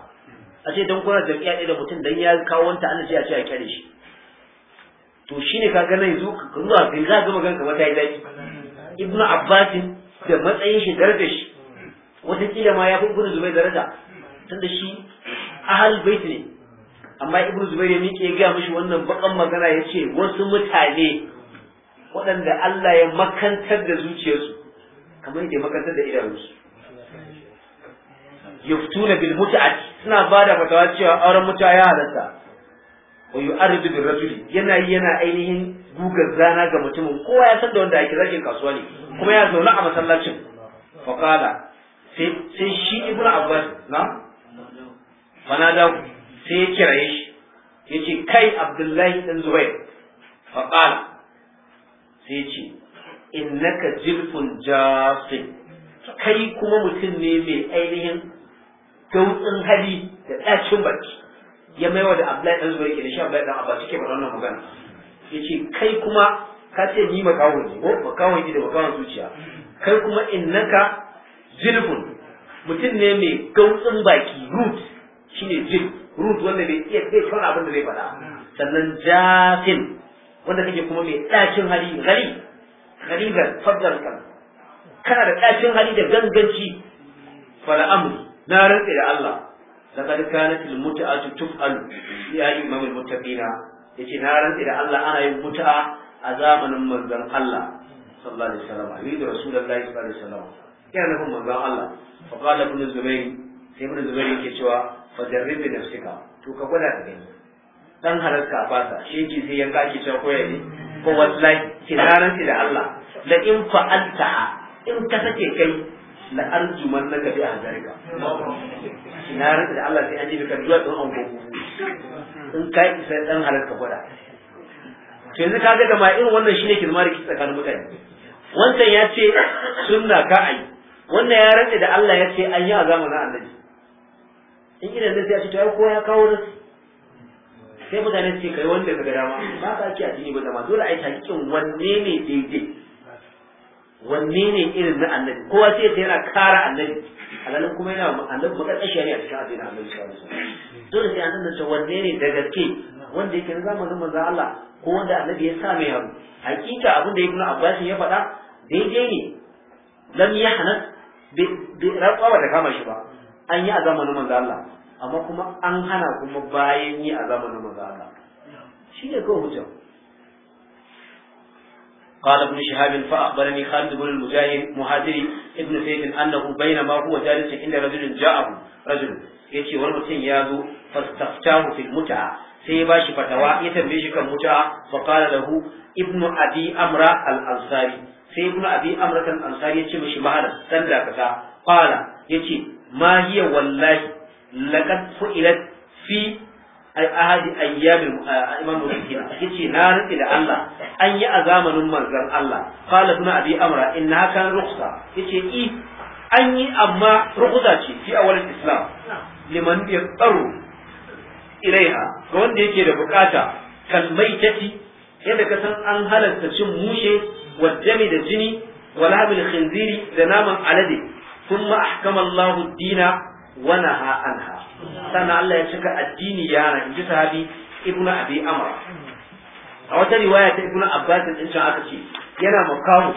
A: a ce dan kuna jam'iyya ɗaya da mutum dan ya kawo wanta Allah sai a ce a kyale shi to shine ka ga nan yanzu ka zuwa bin za ga maganka wata yi daji. ibnu abbasin da matsayin shi darajar shi wata kila ma ya fi ibnu zubai daraja tunda shi ahal bait ne amma ibnu zubair ya miƙe ya gaya mishi wannan bakan magana ya ce wasu mutane waɗanda Allah ya makantar da zuciyarsu kamar yadda ya makantar da idanunsu yaftuna bil mut'at suna ba da fatawa cewa auren mutuwa ya halatta wa yu'arridu bil rajul yana yana ainihin gugar zana ga mutumin kowa ya san da wanda yake zakin kasuwa ne kuma ya zauna a masallacin fa sai shi ibnu abbas na da sai ya kira shi ya ce kai abdullahi ɗan zubair faɓala sai ya ce innaka jirfun jasin kai kuma mutum ne mai ainihin gautsin hali da ɗacin baki ya maiwa da abdullahi ɗan zubair ke da shi abdullahi ɗan abbas ke wannan magana ya ce kai kuma ka ce ni makawon ne ko makawon da makawon zuciya kai kuma in naka zilfun mutum ne mai gautsin baki root shine zilf rut wanda bai iya bai son abin da zai faɗa sannan jafin wanda kake kuma mai ɗacin hali gari gari ga fadar kan kana da ɗacin hali da ganganci fala amri na rantse da Allah laqad kanat al mut'atu tuf'alu ya imam al Ya ce na rantse da Allah ana yin mutu'a a zamanin manzon Allah sallallahu alaihi wasallam yuridu rasulullahi sallallahu alaihi wasallam Ya nufin manzon Allah fa qala ibn zubayr sai ibn zubayr yake cewa fajarrin da nafsika to ka gwada da gani dan halarta ba shi shege sai yanka ki ta koya ne ko wallahi kiraran da Allah la in fa'alta in ka sake kai la arjuman naka bi hajarika kiraran da Allah sai an ka duwa don ango in kai sai dan halarta gwada to yanzu ka ga ma irin wannan shine kirmar ki tsakanin mutane Wannan ya ce sunna ka ai wannan ya rantsa da Allah ya ce an yi a zamanin annabi in irin zai a ce to ai ya kawo rasu sai mutane su ce kai wanda ka gada dama ba ka ake addini ba zama dole a yi takikin wanne ne daidai wanne ne irin na annabi kowa sai ta yana kara annabi alalin kuma yana annabi makarƙashi ne a cikin addinin annabi sallallahu alaihi wasallam dole sai annabi ta wanne ne da gaske wanda yake na zamanin manzo Allah ko wanda annabi ya sa mai yaro hakika abin da ibnu abbas ya faɗa daidai ne lam yahnas bi raqawa da kama shi ba an yi a zamanin manzo Allah amma kuma an hana kuma bayan yi a zamanin manzo Allah shi ne kawai hujja قال ابن شهاب فأخبرني خالد بن المجاهد مهاجري ابن سيد أنه بينما هو جالس عند رجل جاءه رجل يتي والمسين يازو فاستفتاه في المتعة سيباشي فتوى يتنبيش كالمتعة فقال له ابن أبي أمرا الأنصاري sai ibnu abi amratan ansari yace mishi mahalan dan dakata qala yace Mahiya wallahi laqad fu'ilat fi ahadi ayyamin imam Bukhari yace na rike da Allah an yi a zamanin manzon Allah qala ibn abi amra inna kan rukhsa yace i an yi amma rukhsa ce fi awal islam liman yaqaru ilaiha ga wanda yake da buƙata kalmai tati yadda ka san an halarta cin mushe wa da jini wa lahmil khinziri da naman alade thumma ahkama Allahu ad-dina wanaha naha anha sannan Allah ya cika addini yana inji sahabi ibnu abi amr a wata riwaya ta ibnu abbas in can aka ce yana makamu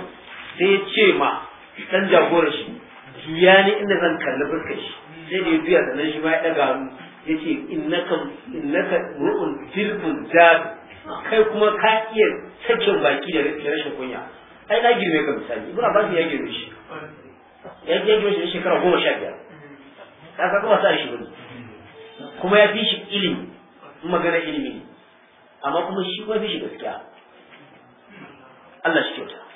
A: sai ya ce ma dan jagorar shi juya ne inda zan kalli fuskar shi sai da ya juya sannan shi ma ya daga hannu ya ce innaka innaka ru'un tilkun jadu kai kuma ka iya sakin baki da rashin kunya ai na girme ka misali ibnu abbas ya girme shi ya ji yake shekara goma sha biyar kaka kuma sa shi bane kuma ya fi shi ilimi magana ilimi ne amma kuma shi kuma fi shi gaskiya Allah shi kyauta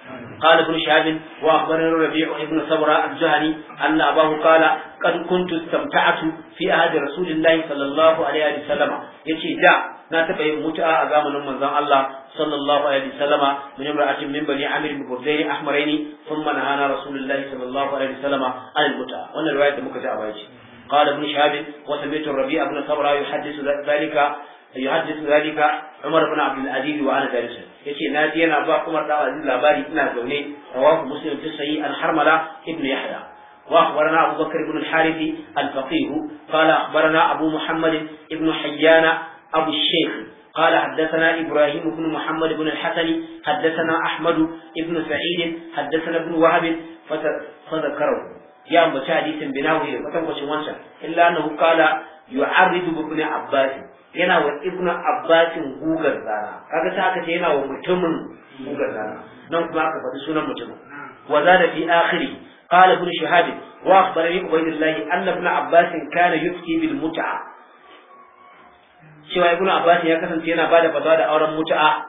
A: قال ابن شهاب واخبرنا ربيع بن صبرة الجهني ان اباه قال قد كنت استمتعت في عهد رسول الله صلى الله عليه وسلم يجي na taɓa yin mutu'a a zamanin manzon Allah sallallahu alaihi wasallama min imra'atin min bani amir bin burdayn ahmaraini thumma nahana rasulullahi sallallahu alaihi wasallama an mutu'a wannan riwayar da muka ji a baya ce قال ابن شهاب وسمعت الربيع بن صبرا يحدث ذلك يحدث ذلك عمر بن عبد العزيز وانا جالس yace na ji yana ba Umar da Aziz labari ina zaune rawahu Muslim fi sahih al-Harmala ibn Yahya وأخبرنا أبو بكر بن الحارث الفقيه قال أخبرنا أبو محمد بن حيان أبو الشيخ قال حدثنا إبراهيم بن محمد بن الحسن حدثنا أحمد بن سعيد حدثنا ابن وهب فذكره يا أمبتا حديث بناوه وتنقش وانشا إلا أنه قال yu'arridu ibn Abbas yana wa ibn Abbas gugar zana kaga sai aka ce yana wa mutumin gugar zana nan kuma aka faɗi sunan mutumin wa zada akhiri qala ibn Shihab wa akhbarani Abbas bil mut'a cewa ibn abbas ya kasance yana bada fatawa da auren mutu'a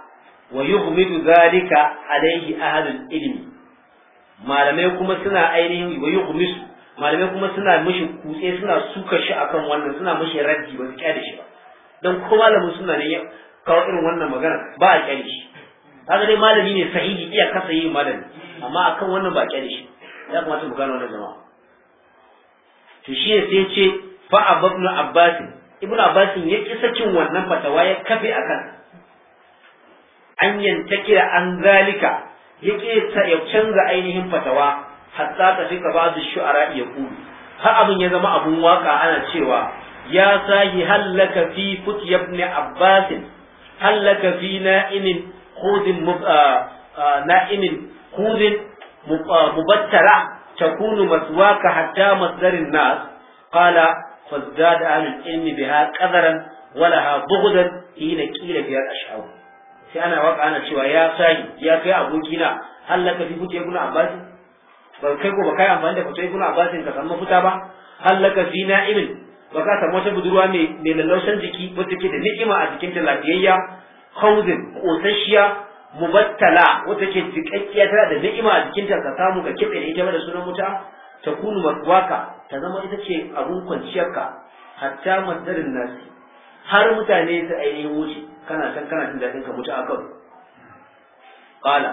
A: wa yughmidu zalika alayhi ahlul ilmi malamai kuma suna ainihin wa yughmisu malamai kuma suna mishi kutse suna suka shi akan wannan suna mishi raddi ba su kyale shi ba dan ko malamin suna ne kawo irin wannan magana ba a kyale shi kaga dai malami ne sahihi iya kasa yi malami amma akan wannan ba a kyale shi ya kamata mu gano wannan jama'a to shi sai ce fa ababnu abbasin ibn abbasin ya kisa cin wannan fatawa ya kafe akan an yantakira an zalika ya kisa ya canza ainihin fatawa hatta ta fika ba shu'ara ya kulu har abin ya zama abun waka ana cewa ya sahi hallaka fi fut ibn abbas hallaka fi na'inin khudin na'inin khudin mubattara takunu maswaka hatta masdarin nas qala فازداد أهل العلم بها قدرا ولها بغدا حين قيل بها الأشعار sai ana waka ana cewa ya sahi ya kai abokina hallaka fi fito a abbas ba kai ko ba kai amfani da fito ibnu abbas ka san mafuta ba hallaka fi na'imin ba ka samu wata budurwa mai mai jiki wacce ke da ni'ima a jikin ta lafiyayya hauzin kosasshiya mubattala wata ke jikakkiya tana da ni'ima a jikinta ka samu ka kitse da ita da sunan wuta ta kunu waka ta zama ita ce abun kwanciyarka hatta mazarin nasi har mutane su ainihin wuce kana san kana jin daɗin ka mutu a kan kala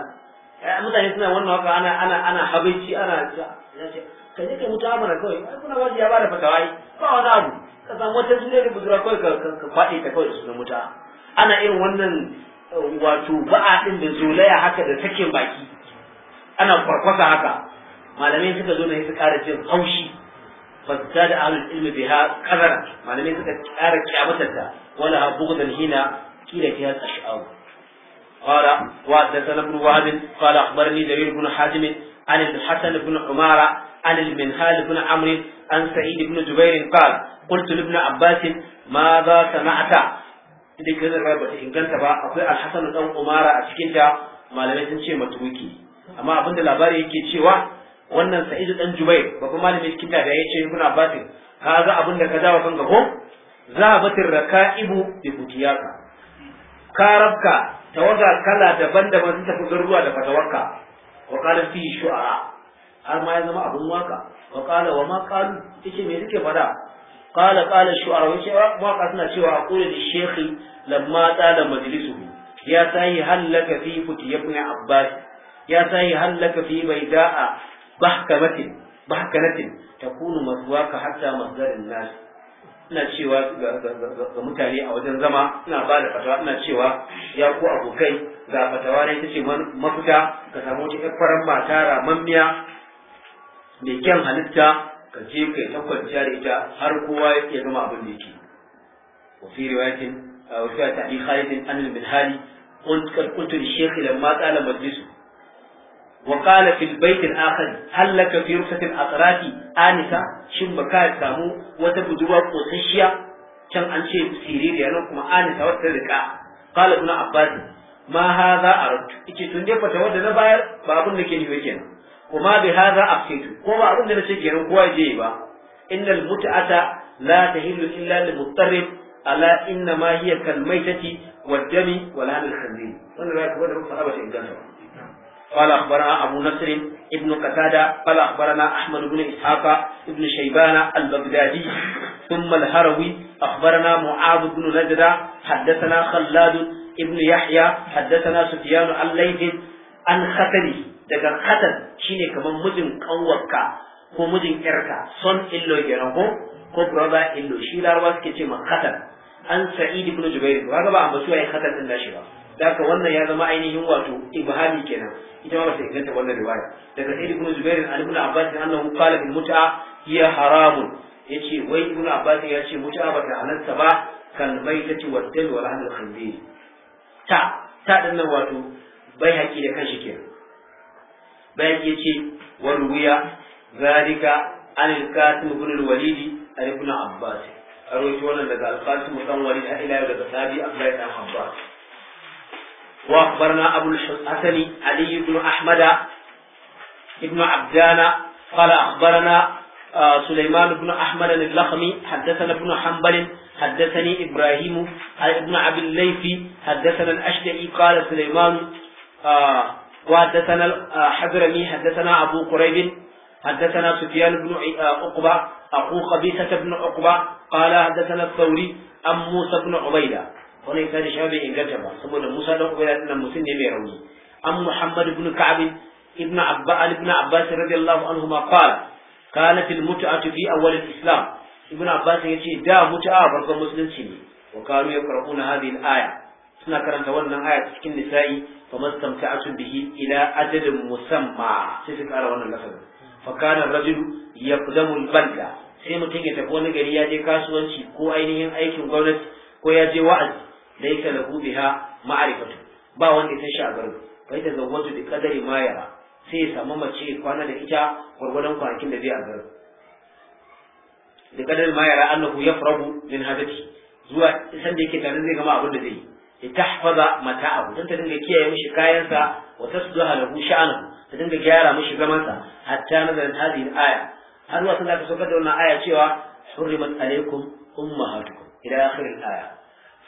A: mutane suna wannan waka ana ana ana habaici ana ka je ka mutu a mana kawai kuna ba ya bada fatawa yi ba wani abu ka samu wata jure da budura kawai ka faɗi ta kawai da sunan mutu ana irin wannan wato ba'a ɗin da zolaya haka da sakin baki ana kwarkwasa haka malamai suka zo ne su ƙara jin haushi فازداد أهل العلم بها قدرا ما لم يكن كارك كامتها ولها بغضا هنا كلا فيها الأشعار قال وحدثنا ابن وهب قال أخبرني جرير بن حازم عن الحسن بن عمارة عن المنهال بن عمرو عن سعيد بن جبير قال قلت لابن عباس ماذا سمعت duk da ba ta inganta ba akwai alhassan dan umara a cikin ta malamai sun ce matuki amma abinda labari yake cewa wannan sa'idu dan jubair babban malamin kimiyya da yace kuna abbas ka za abin da ka dawo kan gabo zabatir raka'ibu bi butiyaka ka rabka tawaga kala daban-daban sun tafi garuwa da fatawarka wa qala fi shu'a har ma ya zama abun waka wa qala wa ma qalu yace me yake fada qala qala shu'ara yace waka suna cewa kula da shekhi lamma tsala majlisu ya sai halaka fi futiyabni abbas ya sai halaka fi bayda'a bahkamatin bahkanatin takunu maswaka hatta masdarin nas ina cewa ga mutane a wajen zama ina ba da fatawa ina cewa ya ku abokai ga fatawa ne tace mafita ka samu wata ƴar farar mata ramammiya mai kyan halitta ka je kai ta kwanciya da ita har kowa ya gama abin da yake وفي رواية وفي تعليق خالد أن المنهالي قلت قلت للشيخ لما قال مجلسه وقال في البيت الآخر هل لك في رخصة الأطراف آنسة شن بكا سامو وتبدوا قصشيا كان أنشي سيرير يعني كما آنسة وتركا قال ابن عباس ما هذا أردت إيش تندي فتوى دنا باير بابن لك يجينا وما بهذا أفسيت وما أبن لنا سجينا هو جيبا إن المتعة لا تهل إلا للمضطرب ألا إنما هي كالميتة والدم ولحم الخنزير وأنا رأيت وأنا أبغى أبغى قال أخبرنا أبو نصر ابن قتادة قال أخبرنا أحمد بن إسحاق ابن شيبان البغدادي ثم الهروي أخبرنا معاذ بن نجدة حدثنا خلاد ابن يحيى حدثنا سفيان عن عن خطره daga khatar shine kaman mijin kanwarka ko mijin yarka son illo kenan ko ko brother illo shi larabawa suke ce ma khatar an saidi ibn jubair ba ga ba amma ya ai khatar din shi ba daga wannan ya zama ainihin wato ibhami kenan ita ma bata inganta wannan riwaya daga sai ibn zubair an ibn abbas annahu qala bil mut'a hiya haramun yace wai ibn abbas ya ce mut'a bata halatta ba kan baitati wa dal wal ahl khandir ta ta nan wato bai haƙi da kanshi kenan bai haƙi yace wa ruwiya zalika an al-qasim ibn al-walid an ibn abbas a wannan daga al-qasim ibn walid ila daga sabi abdullahi ibn abbas وأخبرنا أبو الحسن علي بن أحمد بن عبدان قال أخبرنا آه، سليمان بن أحمد اللخمي حدثنا ابن حنبل حدثني إبراهيم آه، ابن أبي الليث حدثنا الاشدعي قال سليمان آه، وحدثنا الحضرمي حدثنا أبو قريب حدثنا سفيان بن عقبة أخو خبيثة بن عقبة قال حدثنا الثوري ام موسى بن عبيدة wannan ta shi bai inganta ba saboda Musa da kuma yana mutum ne mai rauni an Muhammad ibn Ka'ab ibn Abba ibn Abbas radiyallahu anhu ma qala kana fil mut'atu fi awwal al islam ibn Abbas yace da mut'a farkon musulunci ne wa kanu yaqra'una hadhihi al aya suna karanta wannan aya cikin nisa'i fa samta'atu bihi ila adadin musamma sai suka fara wannan lafazin fa kana ar-rajul yaqdamu al balda sai mutum ya tafi wani gari ya je kasuwanci ko ainihin aikin gwamnati ko ya je wa'azi laysa lahu biha ma'rifatu ba wanda ya shi a garin fa ita zawwatu bi qadari ma yara sai ya samu mace kwana da ita gwargwadon kwanakin da zai a garin da qadari ma yara annahu yafragu min hadati zuwa isan da yake tare zai gama abin da zai yi mata abu, dan ta dinga kiyaye mishi kayansa wa zuwa lahu sha'anahu ta dinga gyara mishi zamansa hatta nazarin hadhihi al-aya har wata za ta saukar da wannan aya cewa hurrimat alaikum ummahatukum ila akhir al-aya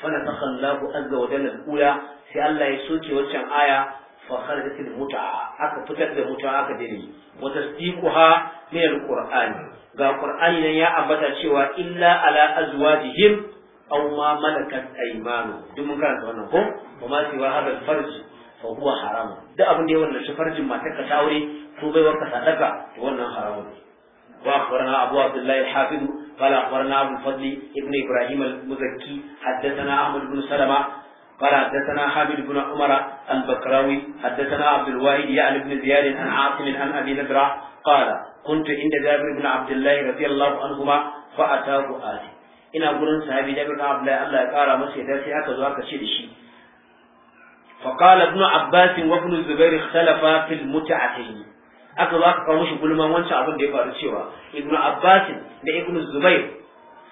A: فنفخ الله عز وجل الأولى في الله يسوك وشان آية فخرجت المتعة أكا فتت المتعة أكا ديني وتصديقها من القرآن ga Qur'ani ya ambata cewa illa ala azwajihim aw ma malakat aymanu duk mun karanta wannan ko wa ma siwa hadal farj fa huwa haram duk abin da ya wannan shi farjin matar ka aure ko bai warka sadaka to wannan haramun. واخبرنا ابو عبد الله الحافظ قال اخبرنا ابو الفضل ابن ابراهيم المزكي حدثنا احمد بن سلمه قال حدثنا حامد بن عمر البكراوي حدثنا عبد الواحد يعني بن زياد عن عاصم عن ابي نبره قال كنت عند جابر بن عبد الله رضي الله عنهما فاتاه اتي ina gurin sahabi jabir bin abdullahi Allah ya kara masa yadda sai aka zo aka ce da shi فقال ابن عباس وابن الزبير اختلفا في المتعتين aka zo aka kawo mishi gulman wancan abin da ya faru cewa ibnu abbas da ibnu zubair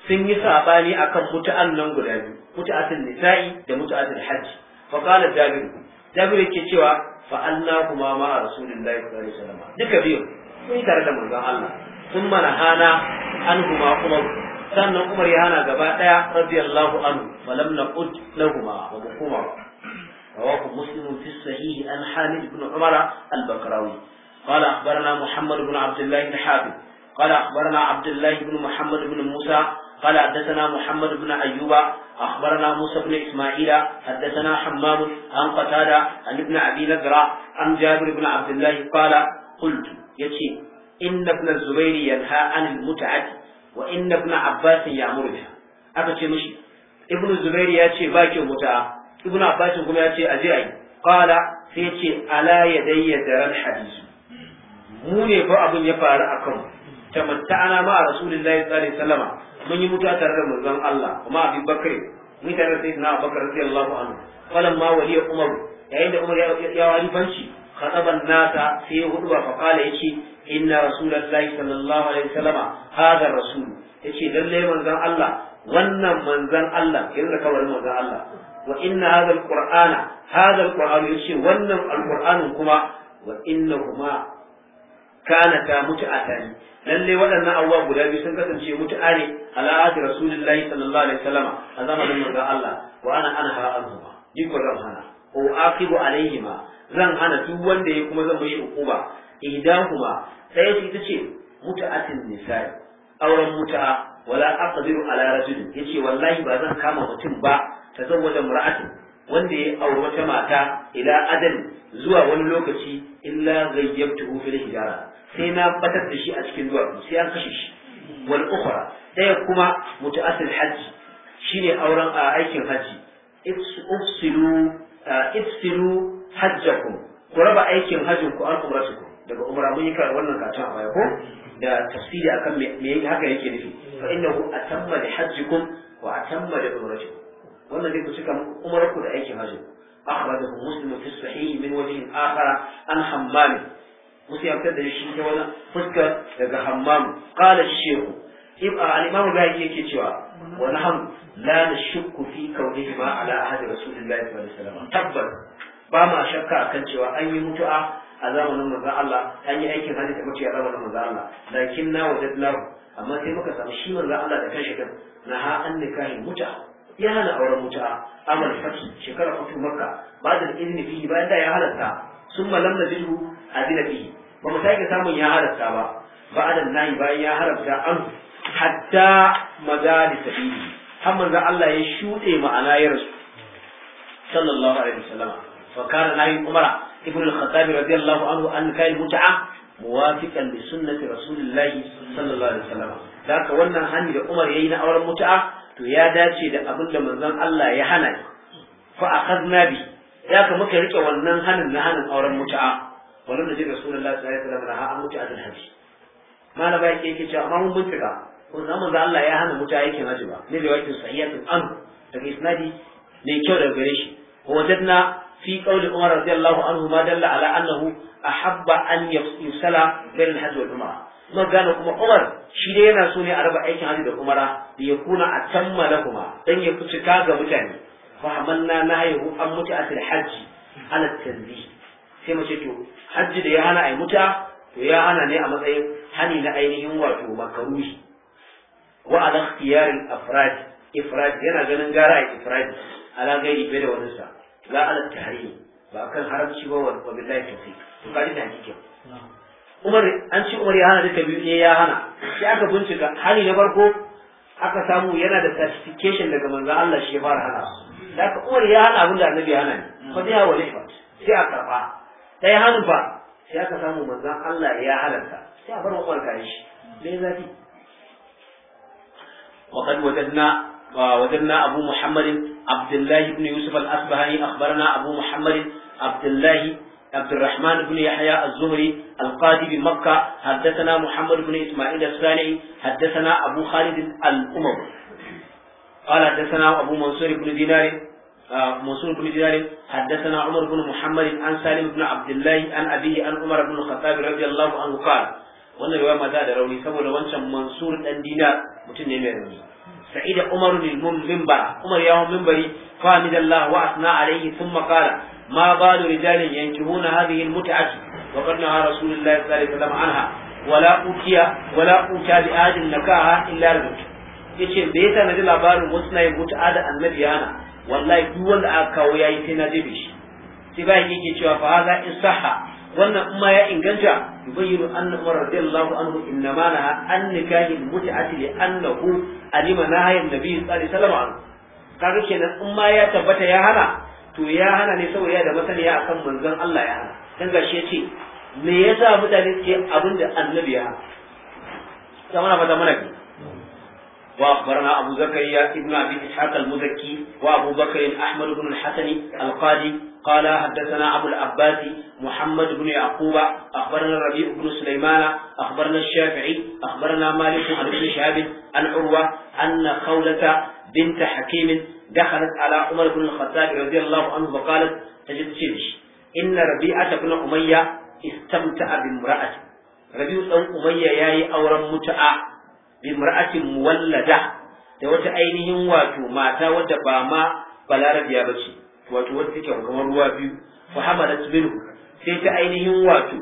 A: sun yi sabani akan mutu'an nan guda biyu mutu'atul nisa'i da mutu'atul hajj fa qala jabir jabir yake cewa fa anna kuma ma rasulullahi sallallahu alaihi wasallam duka biyu sun yi tare da manzon Allah sun mana hana an kuma kuma sannan Umar ya hana gaba daya radiyallahu anhu falam naqut lahuma wa bukuma rawahu muslim fi sahih an Hamid ibn Umar al-Bakrawi قال أخبرنا محمد بن عبد الله بن حاتم قال أخبرنا عبد الله بن محمد بن موسى قال حدثنا محمد بن أيوب أخبرنا موسى بن إسماعيل حدثنا حمام عن قتادة عن ابن أبي نجرة عن جابر بن عبد الله قال قلت يتي إن ابن الزبير ينهى عن المتعة وإن ابن عباس يأمر بها أكتي مشي ابن الزبير يأتي باكي متعة ابن عباس يقول يأتي أجعي قال فيتي ألا يدي درى الحديث mu ne fa abin ya faru a kanmu tamatta ana ma a rasulullahi sallallahu alaihi wasallama mun yi mutuwa tare da manzon Allah kuma abin Bakr mun tare da sayyidina Abu Bakr radiyallahu anhu falan ma wali Umar yayin da Umar ya wani banci khataban nata sai hudu ba fa kala yace inna rasulullahi sallallahu alaihi wasallama hada rasul yace lalle manzon Allah wannan manzon Allah Yanzu da kawai manzon Allah wa inna hadha alqur'ana hadha alqur'an yace wannan alqur'anin kuma wa innahuma kana ta ne. lalle waɗannan abubuwa guda biyu sun kasance mutu'a ne ala ahdi sallallahu alaihi wasallama a zamanin manzon Allah wa ana anha anhuma ni ko zan hana ko aqibu alaihima zan hana duk wanda ya kuma zan yi hukuma idahuma ɗaya ce ita ce mutu'atin nisa'i auren mutu'a wala aqdiru ala rajul yace wallahi ba zan kama mutum ba ta wajen mar'atin wanda ya auri wata mata ila adal zuwa wani lokaci illa gayyabtuhu fil hijara sai na batar da shi a cikin duwatsu sai an kashe shi wal ukhra daya kuma muta'assil hajji shine auren a aikin hajji ifsilu ifsilu hajjakum ku raba aikin hajjin ku an umaraku. daga umra mun yi karar wannan katon a baya ko da tafsiri akan me haka yake nufi fa innahu atamma li hajjikum wa atamma li umratikum wannan zai ku cika umrarku da aikin hajji akhrajahu muslimu fi sahih min wajhin akhar an hammam wasu ya fitar da shi ta wani fuskar daga hammam kala shehu al-imam bai yake cewa wani naham la nashukku fi kaunihi ma ala ahadi rasulillahi sallallahu alaihi wasallam tabbas ba ma shakka akan cewa an yi mutu'a a zamanin manzon Allah an yi aikin hajji da mutu'a a zamanin manzon Allah lakin na wajadlahu amma sai muka samu shi manzon Allah da kanshi kan na ha an nikahi mutu'a ya hana auren mutu'a amal fati shekara fatu makka ba da ilmi fi bayan da ya halatta sun malam na bihu a dinabi ba mu sake samun ya haramta ba ba'adan nahi bayan ya haramta an hatta magali sabili har manzo Allah ya shude ma'ana ya rasu sallallahu alaihi wasallam fa kana nahi umara ibn al-khattab radiyallahu anhu an kai muta'a muwafiqan li sunnati rasulillahi sallallahu alaihi wasallam da haka wannan hani da Umar yayi na auren muta'a to ya dace da abin da manzon Allah ya hana fa akhadna bi ya ka muka rike wannan hanin na hanin auren muta'a wannan da jirgin sunan Allah sallallahu alaihi wasallam na an mutu a haji malama yake yake cewa amma mun bincika kun san Allah ya hana mutu aikin haji ba ne riwayatin sayyidun an daga isnadi ne kyau daga gare shi na fi qawli umar radiyallahu anhu ma dalla ala annahu habba an yusala bain al-hajj wal kuma gane kuma umar shi dai yana so ne a raba aikin hajji da umara da ya kuna a tammala kuma dan ya fi cika ga mutane fa hamanna haihu an mutu asil hajji ala tanzih sai mace to hajji da ya hana ai muta to ya hana ne a matsayin hani na ainihin wato makaruhi
B: wa ala ikhtiyaril afrad ifrad yana ganin gara a ifrad ala gairi bai da wani sa
A: la ala tahrim ba kan haramci ba wa billahi tawfiq to kaji da hakikin Umar an ce Umar ya hana duka biyu ne eh, ya hana sai aka bincika hani na farko aka samu yana da certification daga manzon Allah shi ya fara hana da aka Umar ya hana abin da annabi ya hana ne fa zai hawa ne sai a karba ta yi hanufa sai aka samu manzan Allah ya halarta sai a bar makon kare shi me zafi
B: wa kad wajadna wajadna abu muhammad abdullahi ibn yusuf al-asbahani akhbarana abu muhammad abdullahi عبد الرحمن
A: بن يحيى الزهري القاضي بمكة حدثنا محمد بن إسماعيل الصانعي حدثنا أبو خالد الأمم قال حدثنا أبو منصور بن دينار
B: منصور بن دينار حدثنا عمر بن محمد عن سالم بن عبد الله عن أبيه عن عمر بن الخطاب رضي الله عنه قال wannan riwaya mata da rauni saboda wancan mansur
A: dan dina mutum ne mai rauni sa'id umar lil minbar umar yawo minbari fa nidallah wa asna alayhi thumma qala ma balu rijalin yankihuna huna al yin wa qad naha rasulullah sallallahu alaihi wasallam anha wala utiya wala uta bi adin nakaha illa rabbi yace da yasa naji labarin wasu yin mut'a da annabi yana wallahi duk wanda aka kawo yayi sai na zube shi sai bayan yake cewa fa za in sahha wannan in ya inganta yubayyiru anna umar radiyallahu anhu inna naha an nikahi almut'ati li annahu alima nahaya annabi sallallahu alaihi wasallam kaga kenan in ma ya tabbata ya hana to ya hana ne saboda ya da masaniya akan manzon Allah ya hana dan gashi yace me yasa mutane suke abinda da annabi ya hana zamana ba وأخبرنا أبو زكريا ابن أبي إسحاق المزكي وأبو بكر أحمد بن الحسن القاضي قال حدثنا أبو العباس محمد بن يعقوب أخبرنا الربيع بن سليمان أخبرنا الشافعي أخبرنا مالك عن ابن شهاب عن عروة أن خولة بنت حكيم دخلت على عمر بن الخطاب رضي الله عنه وقالت تجد شيش إن ربيعة بن أمية استمتع بامرأته ربيع بن أمية ياي أورا متعة bi mar'atin muwallada da wata ainihin wato mata wadda ba ma balarabiya ba ce wato wadda take kamar ruwa biyu fa hamalat minhu sai ta ainihin wato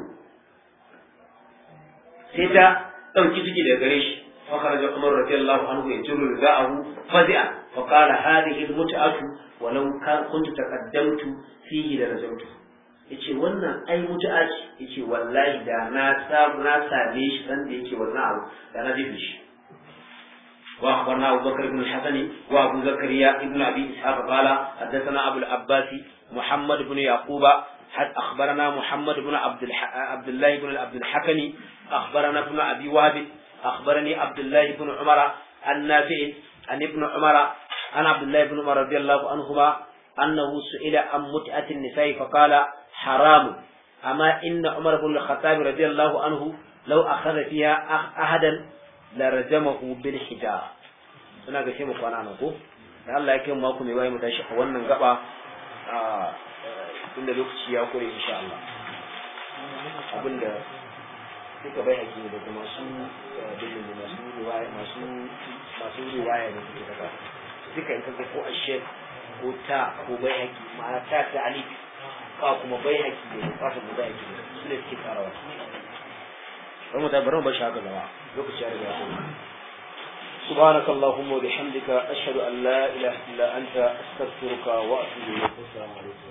A: sai ta dauki ciki daga gare shi fa kharaja umar radiyallahu anhu yajru ridaahu fadi'a fa qala hadhihi almut'atu walau kuntu taqaddamtu fihi la rajawtu yace wannan ai mutu'a ce yace wallahi da na samu na same shi san da yake wannan abu da na jibi shi وأخبرنا أبو بكر بن الحسن وأبو زكريا بن أبي إسحاق قال حدثنا أبو العباس محمد بن يعقوب أخبرنا محمد بن عبد الح... عبد الله بن عبد الحكم أخبرنا ابن أبي وهب أخبرني عبد الله بن عمر النافع عن ابن عمر عن عبد الله بن عمر رضي الله عنهما أنه سئل عن متعة النساء فقال حرام أما إن عمر بن الخطاب رضي الله عنه لو أخذ فيها أحدا لرجمه بالحجارة أنا قلت لكم أنا نقول لا الله يكرم ماكم يواجه متشح وانا نقطع ااا آه، آه، عند لوك شيء أقول إن شاء الله عند لوك بيها كذي ده ماسون بيلم آه، ده ماسون رواية ماسون ماسون رواية ده كذي ده كذي كان كذا فوق الشيء قطع وبيها كذي ما تعرف عليك أو كم بيها كذي أو كم بيها كذي سلسلة كذا روا bari mu bari mu bar shi haka gaba lokaci ya riga ya سبحانك اللهم وبحمدك أشهد أن لا إله إلا أنت أستغفرك وأتوب إليك السلام عليكم